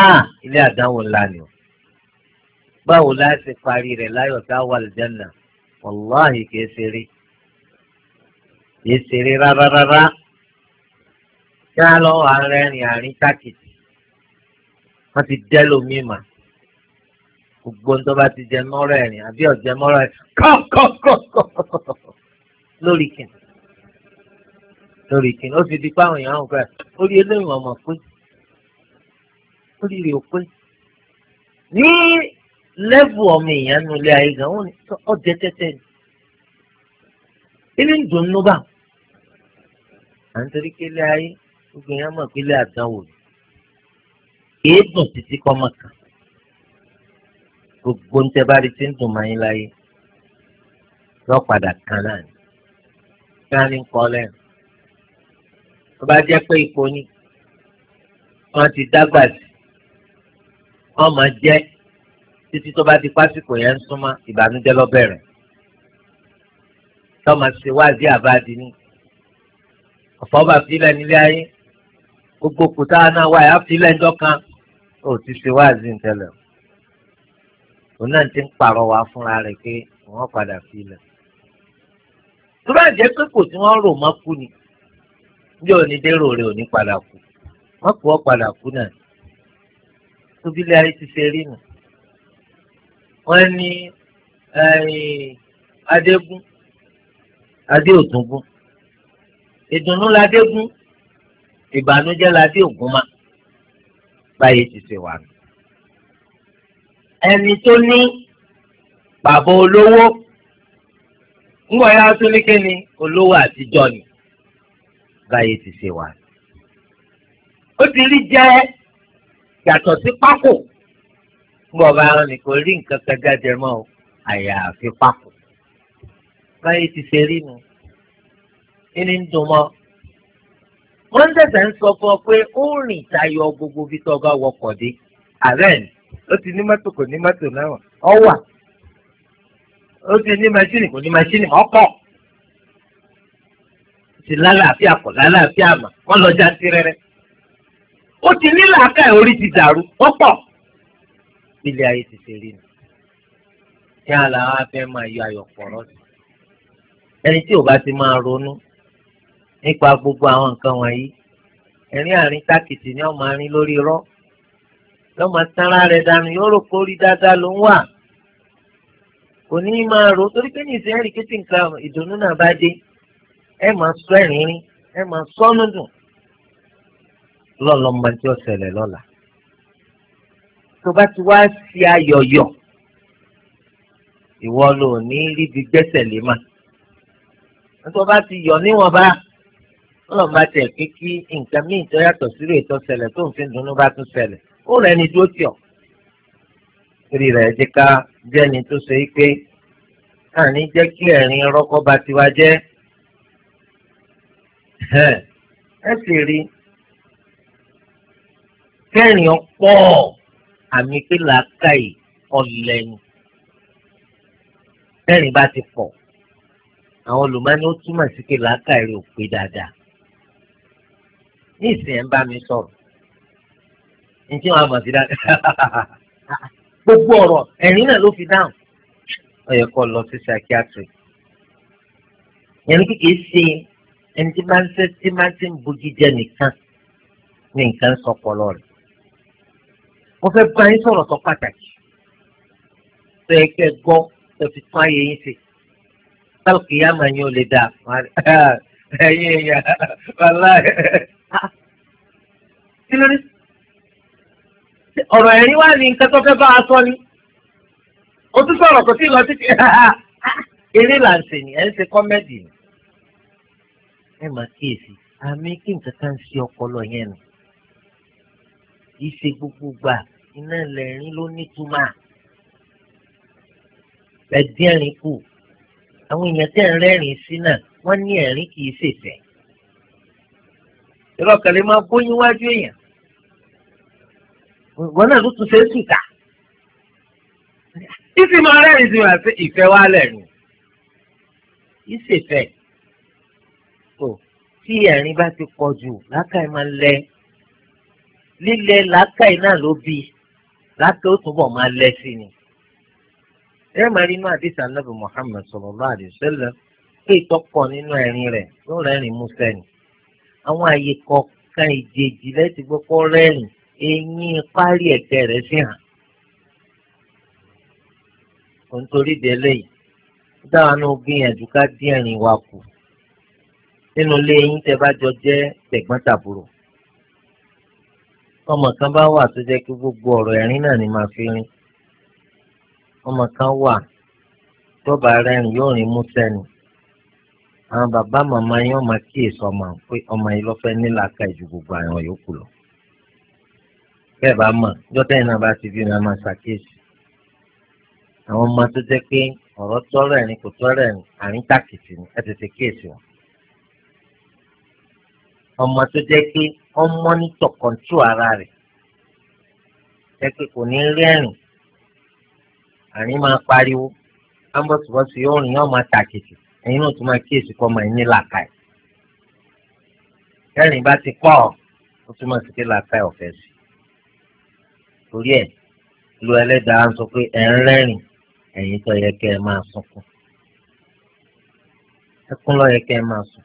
á ilé àdánwò ńlá ni o báwo la ṣe parí rẹ̀ láyọ̀ tá a wà lùjánà wàláhì kìí ṣeré kìí ṣeré rárá rárá kí á lọ́wọ́ àárẹ̀ rìn àárín tákìtì wọ́n ti dẹ́ lómi mà gbogbo ní tó bá ti jẹ mọ́rọ̀ ẹ̀rìn àbí ọ̀jẹ̀ mọ́rọ̀ ẹ̀rìn kọ́ńkọ́ńkọ́ lórí kìnnì lórí kìnnì ó fi di pé àwọn èèyàn ń fẹ́ orí eléyìí wọn mọ̀ pé orí rè ó pé ní lẹ́bù ọmọ èèyàn nu ilé ayé gan wọn ọ̀jẹ̀ tẹ́tẹ́ ni ilé ń dùn ún nú bá à ń torí pé ilé ayé gbogbo èèyàn mọ̀ pé ilé àdánwò ni kìí dùn títí kọ́mọ kan gbogbo ń tẹ́ bá rí ti ń dùn máa ń láyé lọ́ padà kan náà ni kí wọ́n ní ń kọ́ lẹ́nu tó bá jẹ́ pé ipò ni wọ́n ti dágbà sí wọ́n máa jẹ́ títí tó bá ti pásìkò yẹn ń súnmọ́ ìbànújẹ́ lọ́bẹ̀rẹ̀ tọ́mọ ṣe wáàzí àbáàdì ni ọ̀fọ̀ bá filẹ̀ nílé ayé gbogbo kùtà náà wáyà filẹ̀ ńdọ́kan ó ti ṣe wáàzì ntẹlẹ òun náà ti ń pàrọwà fúnra rẹ̀ pé wọ́n padà fi ilẹ̀ tó bá jẹ́ pé kò tí wọ́n rò mọ́ kú ni bí òní dérò rẹ̀ òní padà kú wọ́n kú ọ́ padà kú náà tóbílẹ̀ ayé ti ṣe rí nù wọ́n ní adégún adéòtúngún ìdùnnú ladégún ìbànújẹ́ ladéògúnmá báyìí ti ṣe wà. ẹni tó ní bàbá olówó ńgbọ́ ya tó ní kíni olówó àtijọ́ ni báyìí ti ṣe wà. ó ti rí jẹ́ yàtọ̀ sí pákó ńgbọ́ bá wọn ni kò rí nǹkan kan jáde mọ́ o àyàfi pákó báyìí ti ṣe rí nu kí ni ń dùn mọ́. wọ́n ṣẹ̀ṣẹ̀ ń sọ fún ọ pé ó rìn tayọ gbogbo bí tọ́ wọkọ̀ dé ó ti ní mọ́tò kò ní mọ́tò náà ọ wà ó ti ní mẹsìnì kò ní ọkọ̀ ti lálàáfíà kọ̀ lálàáfíà mà wọ́n lọ já sí rẹ́rẹ́ ó ti ní làákà orí ti dàrú ọ̀pọ̀ ilé ayé ti ṣe rí ni kí àlàáfẹ́ máa yọ ẹni nípa gbogbo àwọn nǹkan wọ̀nyí ẹ̀rín àárín tákìtì ni ọmọ àárín lórí irọ́ lọ́mọ sanra rẹ̀ dànù yóò rò kó rí dáadáa ló ń wà kò ní í máa rò torí pé ní ìsìn ẹ̀rí kí tí nǹkan ìdùnnú náà bá dé ẹ máa sọ ẹ̀rín rín ẹ máa sọ́nù dùn lọ́lọ́mọ tí ó lọ́la tó bá ti wá sí ayọ̀yọ̀ ìwọ ló ní rí bí gbẹ́sẹ̀ lé mà tó bá ti yọ̀ níwọ̀n bá ọlọ́run bá tiẹ̀ pé kí nǹkan míì tó yàtọ̀ sílé ètò ṣẹlẹ̀ tó ń fi dunnú bá tún ṣẹlẹ̀ ó rẹ̀ ni dúró tì ọ́. torí rẹ̀ jẹ́ ká jẹ́ni tó ṣe é pé àní jẹ́ kí ẹ̀rín rọ́kọ́ bá tiwa jẹ́. ẹ sì rí kẹrin ọ̀pọ̀ àmì pé làákàyè ọ̀lẹ ni kẹrin bá ti pọ̀ àwọn olùmọ́ni ó túmọ̀ sí pé làákàyè ò pé dáadáa ní ìsìn ẹ̀ ń bá mi sọ̀rọ̀ ní tí wọ́n á mọ̀ sí dáadáa gbogbo ọ̀rọ̀ ẹ̀rín náà ló fi dáhùn ó yẹ kó lọ sí psychiatric yẹn ní kíkì í ṣe ẹni tí máa ń ṣe tí máa ń ṣe ń bojú jẹ nìkan ní nǹkan sọpọlọ rẹ̀ mo fẹ́ bá yín sọ̀rọ̀ tó pàtàkì tó yẹ kẹ́ gbọ́ tó fi tún ayé yín ṣe sálùkì yá màá yín ó lè dáa ẹ̀yin ẹ̀yà wàláhì kí ló dé ọ̀rọ̀ ẹ̀rí wá ní nǹkan tó fẹ́ bá a sọ ni o tún sọ̀rọ̀ kò tí ì lọ títí eré là ń sè ní ẹ̀ ń ṣe kọ́mẹ́dì ni ẹ máa kíyèsí àmì kí nǹkan kan ṣe ọpọlọ yẹn nù kì í ṣe gbogbo gbà iná lẹ́rìn ló nítumọ̀ ẹ̀dín ẹ̀rín kù àwọn èèyàn tẹ̀ ń rẹ́rìn sí náà wọ́n ní ẹ̀rín kì í ṣèfẹ́ ìrọ̀kẹ̀lẹ̀ máa bóyún wájú èèyàn wọn náà ló tún ṣe é sùkà ìsì máa rẹ́rìn sí wàá sí ìfẹ́ wa lẹ́nu ìsèfẹ́ tó tí ẹ̀rín bá ti pọ̀ jù làákàyè máa lẹ lílẹ làákàyè náà ló bí làákàyè ó túbọ̀ máa lẹ sí ni ẹ máa rí inú àdìsí anábì Muhammad sallallahu alaihi wasallam pé ìtọ́pọ̀ nínú ẹ̀rín rẹ̀ ló rẹ́rìn músẹ́ ni àwọn àyè kọ̀ọ̀kan ìjèjì lẹ́tì gbọ́kọ́ rẹ́rìn eyín parí ẹ̀kẹ́ rẹ̀ sí hàn. kò ń torí de eléyìí dáhà náà gbìyànjú ká dín ẹ̀rìn wa kù nínú ilé yín tẹ́ bá jọ jẹ́ tẹ̀gbọ́n-tàbúrò ọmọ kan bá wà tó jẹ́ kí gbogbo ọ̀rọ̀ ẹ̀rín náà ni màá fi rìn ọmọ kan wà tó bá yóò rìn mú sẹ́nu àwọn bàbá màmá yín ọmọ kíyèsí ọmọ pé ọmọ yìí lọ́fẹ́ nílàáka ìjù gbogbo àwọn yòókù lọ. bẹ́ẹ̀ bá mọ̀ jọ́tẹ́ iná bá ti bí màmá ṣàkíyèsí. àwọn ọmọ tó jẹ́ pé ọ̀rọ̀ tọ́rọ̀ ẹ̀ ni kò tọ́rọ̀ ẹ̀ ni àrín tàkìtì ni ẹ tètè kíyèsí wọn. ọmọ tó jẹ́ pé ọmọ nítọ̀ kọ̀ǹtù ara rẹ̀ jẹ́ pé kò ní rí ẹ̀rìn àrín máa pariwo ambọ̀sibọ̀sì yóò rìn yóò máa tàkìtì ẹ̀yin náà tún máa kíyèsí kọ́ ọmọ yín ní làákàyè kẹrin bá ti pọ̀ ó túmọ̀ sí pé làákàyè ọ̀fẹ́ sí torí ẹ̀ lu ẹlẹ́dàá ń sọ pé ẹ̀ ń rẹ́rìn ẹ̀yin tó yẹ kẹ́ ẹ máa sunkún ẹkún ló yẹ kẹ́ ẹ máa sùn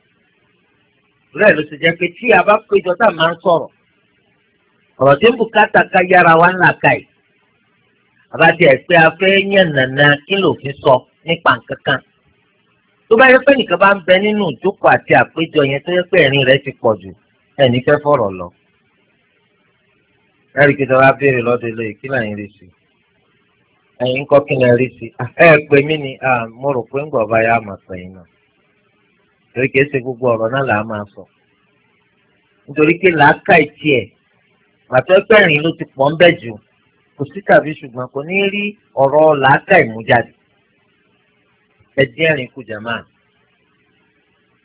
rẹ̀ ló ti jẹ́ pé tí a bá péjọ tá a máa ń sọ̀rọ̀ ọ̀rọ̀ tí bùkátà ká yára wa ńlá ka yìí àbájá ẹ̀ pé a fẹ́ yànnàna kí lòfin sọ nípa nǹkan kan tó bá yẹ pé nìkan bá ń bẹ nínú ìjókòó àti àpéjọ yẹn tó yẹ pé ẹ̀rín rẹ̀ ti pọ̀ jù ẹnì fẹ́ fọ̀rọ̀ lọ. ẹ̀rí kìtà wá béèrè lọ́dọ̀ ilé kí lẹ́yìn rí sí ẹ̀yìn kọ́ kí lẹ́yìn rí sí ẹ̀ pé mí ni mo rò pé ń gbọ̀ bá yá àmọ̀ sẹ́yìn náà torí kìí ṣe gbogbo ọ̀rọ̀ náà làá máa sọ nítorí pé làákà ìtì ẹ̀ pàtó ẹgbẹ̀rin ló ti pọ̀ ń bẹ̀ jù kò sí ẹdín ẹ̀rín kù jamaa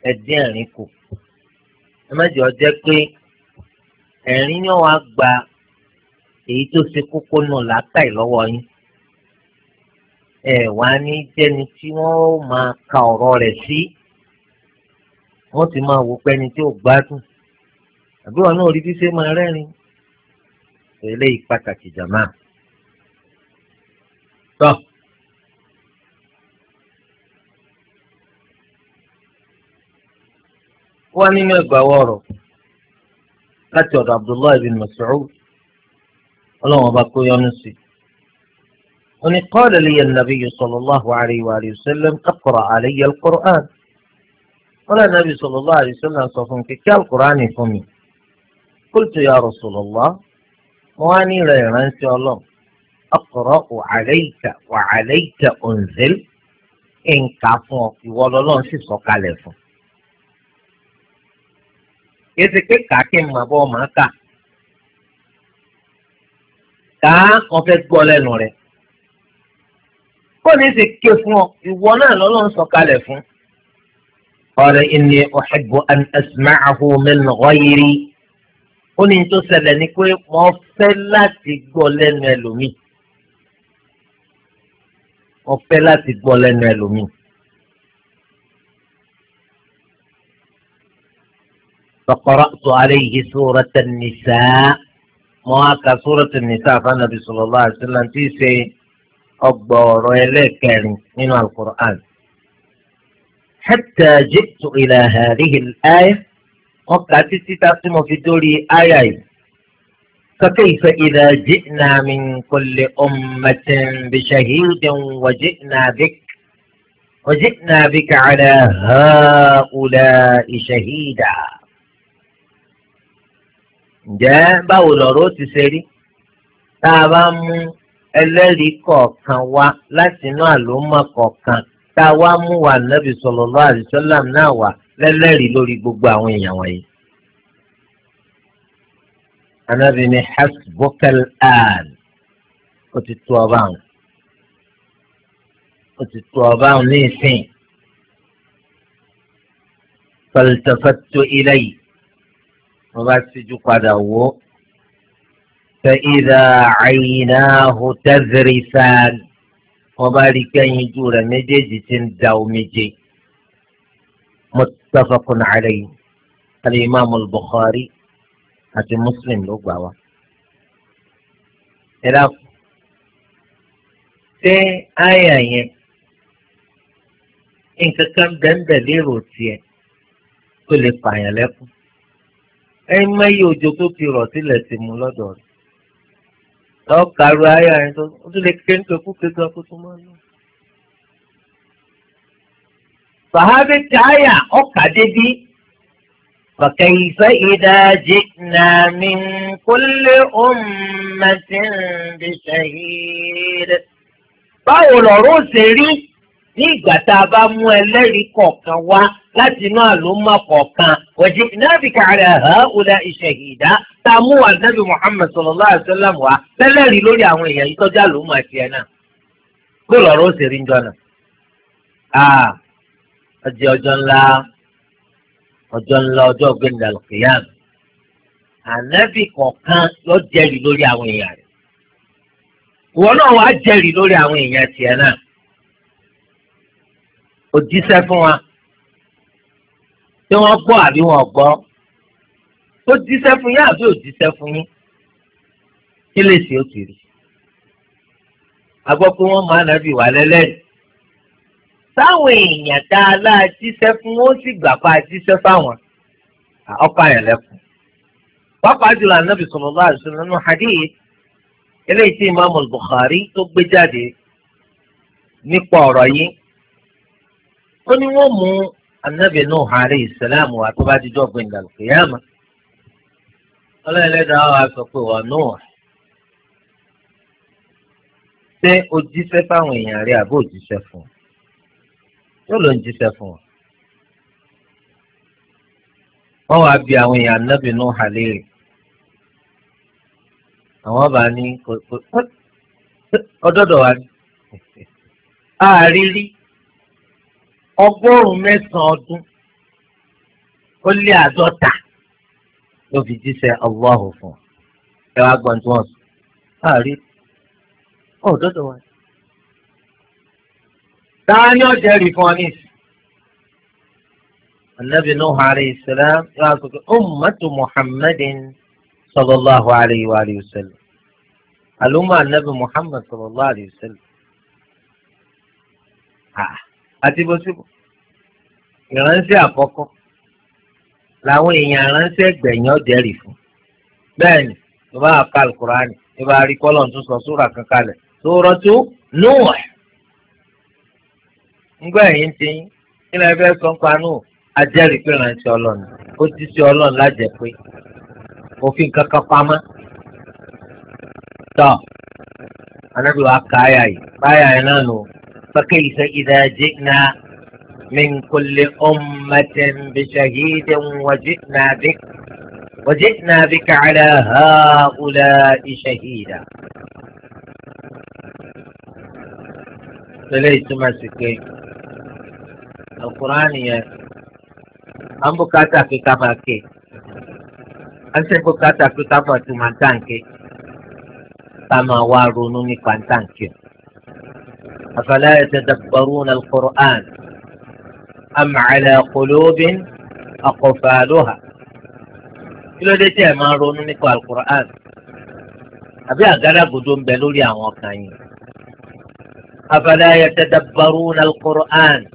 ẹdín ẹ̀rín kù ẹ má jẹ́ ọjẹ́ pé ẹ̀rín ni wọ́n á gba èyí tó ṣe kókó nù látàì lọ́wọ́ yín ẹ wá ní jẹ́ni tí wọ́n máa ka ọ̀rọ̀ rẹ̀ sí wọ́n ti máa wò pẹ́ni tí ò gbádùn àbí wọn náà rí bí ṣe máa rẹ́rìn eléyìí pàtàkì jamaa. So, wá nínú ẹgbàáwọ̀ ọ̀rọ̀ láti ọ̀dọ̀ abdullahi bin mas'ud ọlọ́run ọba kó yọ́nú sí i. وني قال لي النبي صلى الله عليه وآله وسلم اقرأ علي القرآن قال النبي صلى الله عليه وسلم صفنك كالقرآن فمي قلت يا رسول الله واني لا ينسى الله أقرأ عليك وعليك أنزل إن كافوك ولو لن في سوكالفون kìí ṣe pé kà á kí n mà bọ́ màá kà kà á wọn fẹ́ gbọ́ lẹ́nu rẹ̀ kọ́ni ṣe ké fún ọ ìwọ náà lọ́lọ́run sọ̀kalẹ̀ fún. ọ̀rẹ́ inni uhibbu an asma'ahu min ó ní tó ṣẹlẹ̀ ni pé wọ́n fẹ́ láti gbọ́ lẹ́nu ẹlòmíì wọ́n fẹ́ láti gbọ́ lẹ́nu ẹlòmíì. فقرأت عليه سورة النساء مواقع سورة النساء فالنبي صلى الله عليه وسلم تيسي أبور إليك من القرآن حتى جئت إلى هذه الآية وقعت تتقسم في دوري آية فكيف إذا جئنا من كل أمة بشهيد وجئنا بك وجئنا بك على هؤلاء شهيدا ǹjẹ́ báwo lọ̀rọ̀ ó ti ṣe rí tá a bá mú ẹlẹ́rìí kọ̀ọ̀kan wá láti inú àlòmọ́ kọ̀ọ̀kan tá a wá mú wa nàbì sallallahu alaihi wasallam náà wá lẹ́lẹ́rìí lórí gbogbo àwọn èèyàn wọ̀nyí. anábì ní hasbukal al ó ti tó ọba àwọn ó ti tó ọba àwọn ní ìsìn. faltafattu ilayhi. فإذا عيناه تذرفان وبالك يجور مجيج تنداو مجي متفق عليه الإمام البخاري حتى مسلم لو بابا إلا في آية إنك كم دن دليل روتية كل الطعيالكم ẹyin mẹ́yìí òjò tó ti rọ̀ sílẹ̀ ti mú lọ́dọ̀ rẹ̀ lọ́ọ̀kàrú ayé àyìn tó ó tún lè ké ní pẹ̀kú kékeré kó tó máa lọ. Sàhábì táyà ọkà débí فكيف إذا جئنا من كل أمة بشهيد báwo lọ̀rọ̀ láti inú àlùmọ́ kọ̀ọ̀kan wọ̀jú náàbì kàrẹ̀ ẹ̀hán ọ̀là ìṣẹ̀hìdá tá a mú tẹ́lẹ̀rí lórí àwọn èèyàn yìí tọ́jú náà kó lọ́rọ́ ó sì rí njọ́ náà. ọjọ́ ọjọ́ ńlá ọjọ́ ńlá ọjọ́ lórí àwọn èèyàn rẹ̀ ìwọ náà wàá jẹ́rìí lórí àwọn èèyàn tiẹ̀ náà ṣé wọ́n gbọ́ àbí wọ́n gbọ́ ó jíṣẹ́ fún yín àbí ò jíṣẹ́ fún yín kí lè ṣe ó ti rí a gbọ́ pé wọ́n máa nàbì wà lẹ́lẹ́rìí táwọn èèyàn tá a láà jíṣẹ́ fún ó sì gbà pa jíṣẹ́ fáwọn ọkọ̀ àyànlẹ́kùn pápá jùlọ ànábì sallallahu alaihi wasallam nínú hadith eléyìí tí imaamu Bukhari tó gbé jáde nípa ọ̀rọ̀ yìí ó ní wọ́n mú anabi nuh alayhi salam wa tó bá dijọ́ gbẹ̀ngà lùkìyàmà ọlọ́ọ̀lẹ́dàá wa sọ pé wà nuh ṣé o jíṣẹ́ fáwọn èèyàn rẹ àbó jíṣẹ́ fún yóò ló ń jíṣẹ́ fún wọn wàá bi àwọn èèyàn anabi nuh alayhi àwọn bá ní kò kò ọdọdọ wa ni àárí rí ọgọ́rùn-ún mẹ́sàn-án ọdún ó lé àádọ́ta ló fi jíṣẹ́ Allahu fún ẹ wá gbọ́n tí wọ́n sọ káàrí ọ̀dọ́dọ̀ wa. táwọn yóò jẹ́rìí fún yoo ri ní ìsìn. النبي نوح عليه السلام قال أمة محمد صلى الله عليه وآله وسلم الأمة Àlùmọ̀ Anabi صلى الله عليه وسلم آه. àti bóṣubú ìránṣẹ́ àkọ́kọ́ làwọn èèyàn ìránṣẹ́ gbẹ̀yìn ọ̀jẹ̀rì fún bẹ́ẹ̀ ni tó bá ka alukurani tó bá rí kọ́lọ̀ tó sọ sóra kankan lẹ̀ ngbà yín ti yín kí ni ẹ fẹ́ sọ nípa Nuh pé ìránṣẹ́ ọlọ́run ó ti ṣe ọlọ́run lájẹ pé òfin فكيف اذا جئنا من كل امه بشهيد وجئنا بك وجئنا بك على هؤلاء شهيدا فليس ما سكين القران يا ام بكاتا في كفاكي ان بكاتا في كفاكي مانتانكي كما وارونوني فانتانكي أفلا يتدبرون القرآن أم على قلوب أقفالها إلى ديت ما رونني قال القرآن أبي أقرأ بدون بلول يا وقاين أفلا يتدبرون القرآن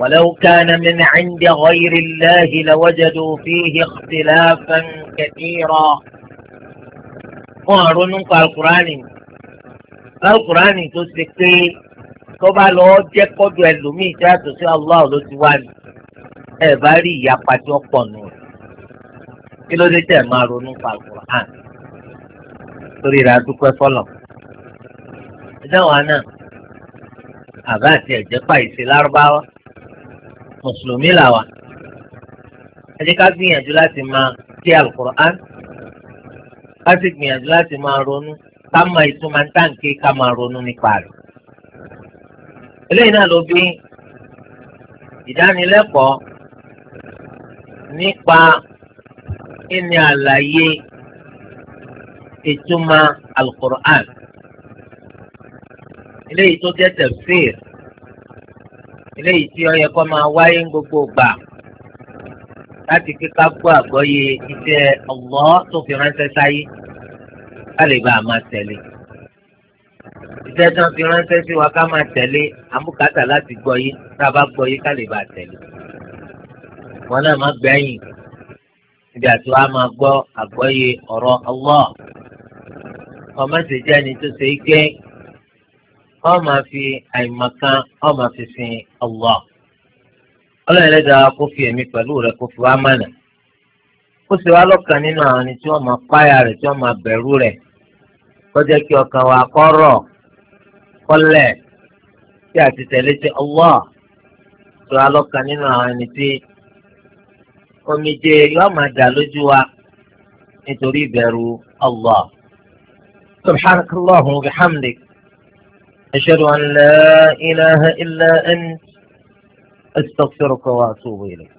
ولو كان من عند غير الله لوجدوا فيه اختلافا كثيرا وارونن قال القرآن lálùkùránì tó ṣe pé tó bá lọ jẹ́ kọ́dọ̀ ẹlòmíì tí yàtọ̀ sí Allah ló ti wá ní ẹ bá rí ìyapa tí ó pọ̀ nù kí ló dé tẹ̀ máa ronú pa alukur'an torí ra dúpẹ́ fọlọ̀ ìdáwà náà àbá àti ẹ̀jẹ̀ pàìsí lárúbáwá mùsùlùmí làwà ẹ jẹ́ ká gbìyànjú láti máa kí alukur'an ká sì gbìyànjú láti máa ronú ká mọ ìtumọ̀ táǹkì ká máa ronú nípa rẹ̀. eléyìí náà ló bí ìdánilẹ́kọ̀ọ́ nípa ìní àlàyé ìtumọ̀ alukur'an eléyìí tó jẹ́ tafsir eléyìí tí ó yẹ máa wáyé ń gbogbo gbà láti kíkà gbọ́ àgbọ́yé iṣẹ́ Allah tó fi ránṣẹ́ sáyé ká lè bá a máa tẹ̀lé iṣẹ́ tí wọ́n fi ránṣẹ́ sí wa ká máa tẹ̀lé àmúkàtà láti gbọ́ yé tá a bá gbọ́ yé ká lè bá a tẹ̀lé wọn náà má gbẹ̀yìn ibi àti wàá máa gbọ́ àgbọ́yé ọ̀rọ̀ Allah ọmọ sì jẹ́ ẹni tó ṣe é gbé ọ máa fi àìmọ̀kan ọ máa fi sin Allah ọlọ́run ẹlẹ́dàá kó fi èmi pẹ̀lú rẹ̀ kó fi wá mọ̀nà kó sì wá lọ́kàn nínú àwọn ẹni tí wọ́n máa páyà rẹ̀ tí wọ́n máa bẹ̀rù rẹ̀ kọjá kí ọkàn wa kọ́rọ̀ kọ́lẹ̀ tí a ti tẹ̀lé ti Allah tó alọ́kàn nínú àwọn ẹni tí omijé yóò máa dà lójú wa nítorí ìbẹ̀rù Allah. سبحانك اللهم وبحمدك أشهد أن لا إله إلا أنت أستغفرك وأتوب إليك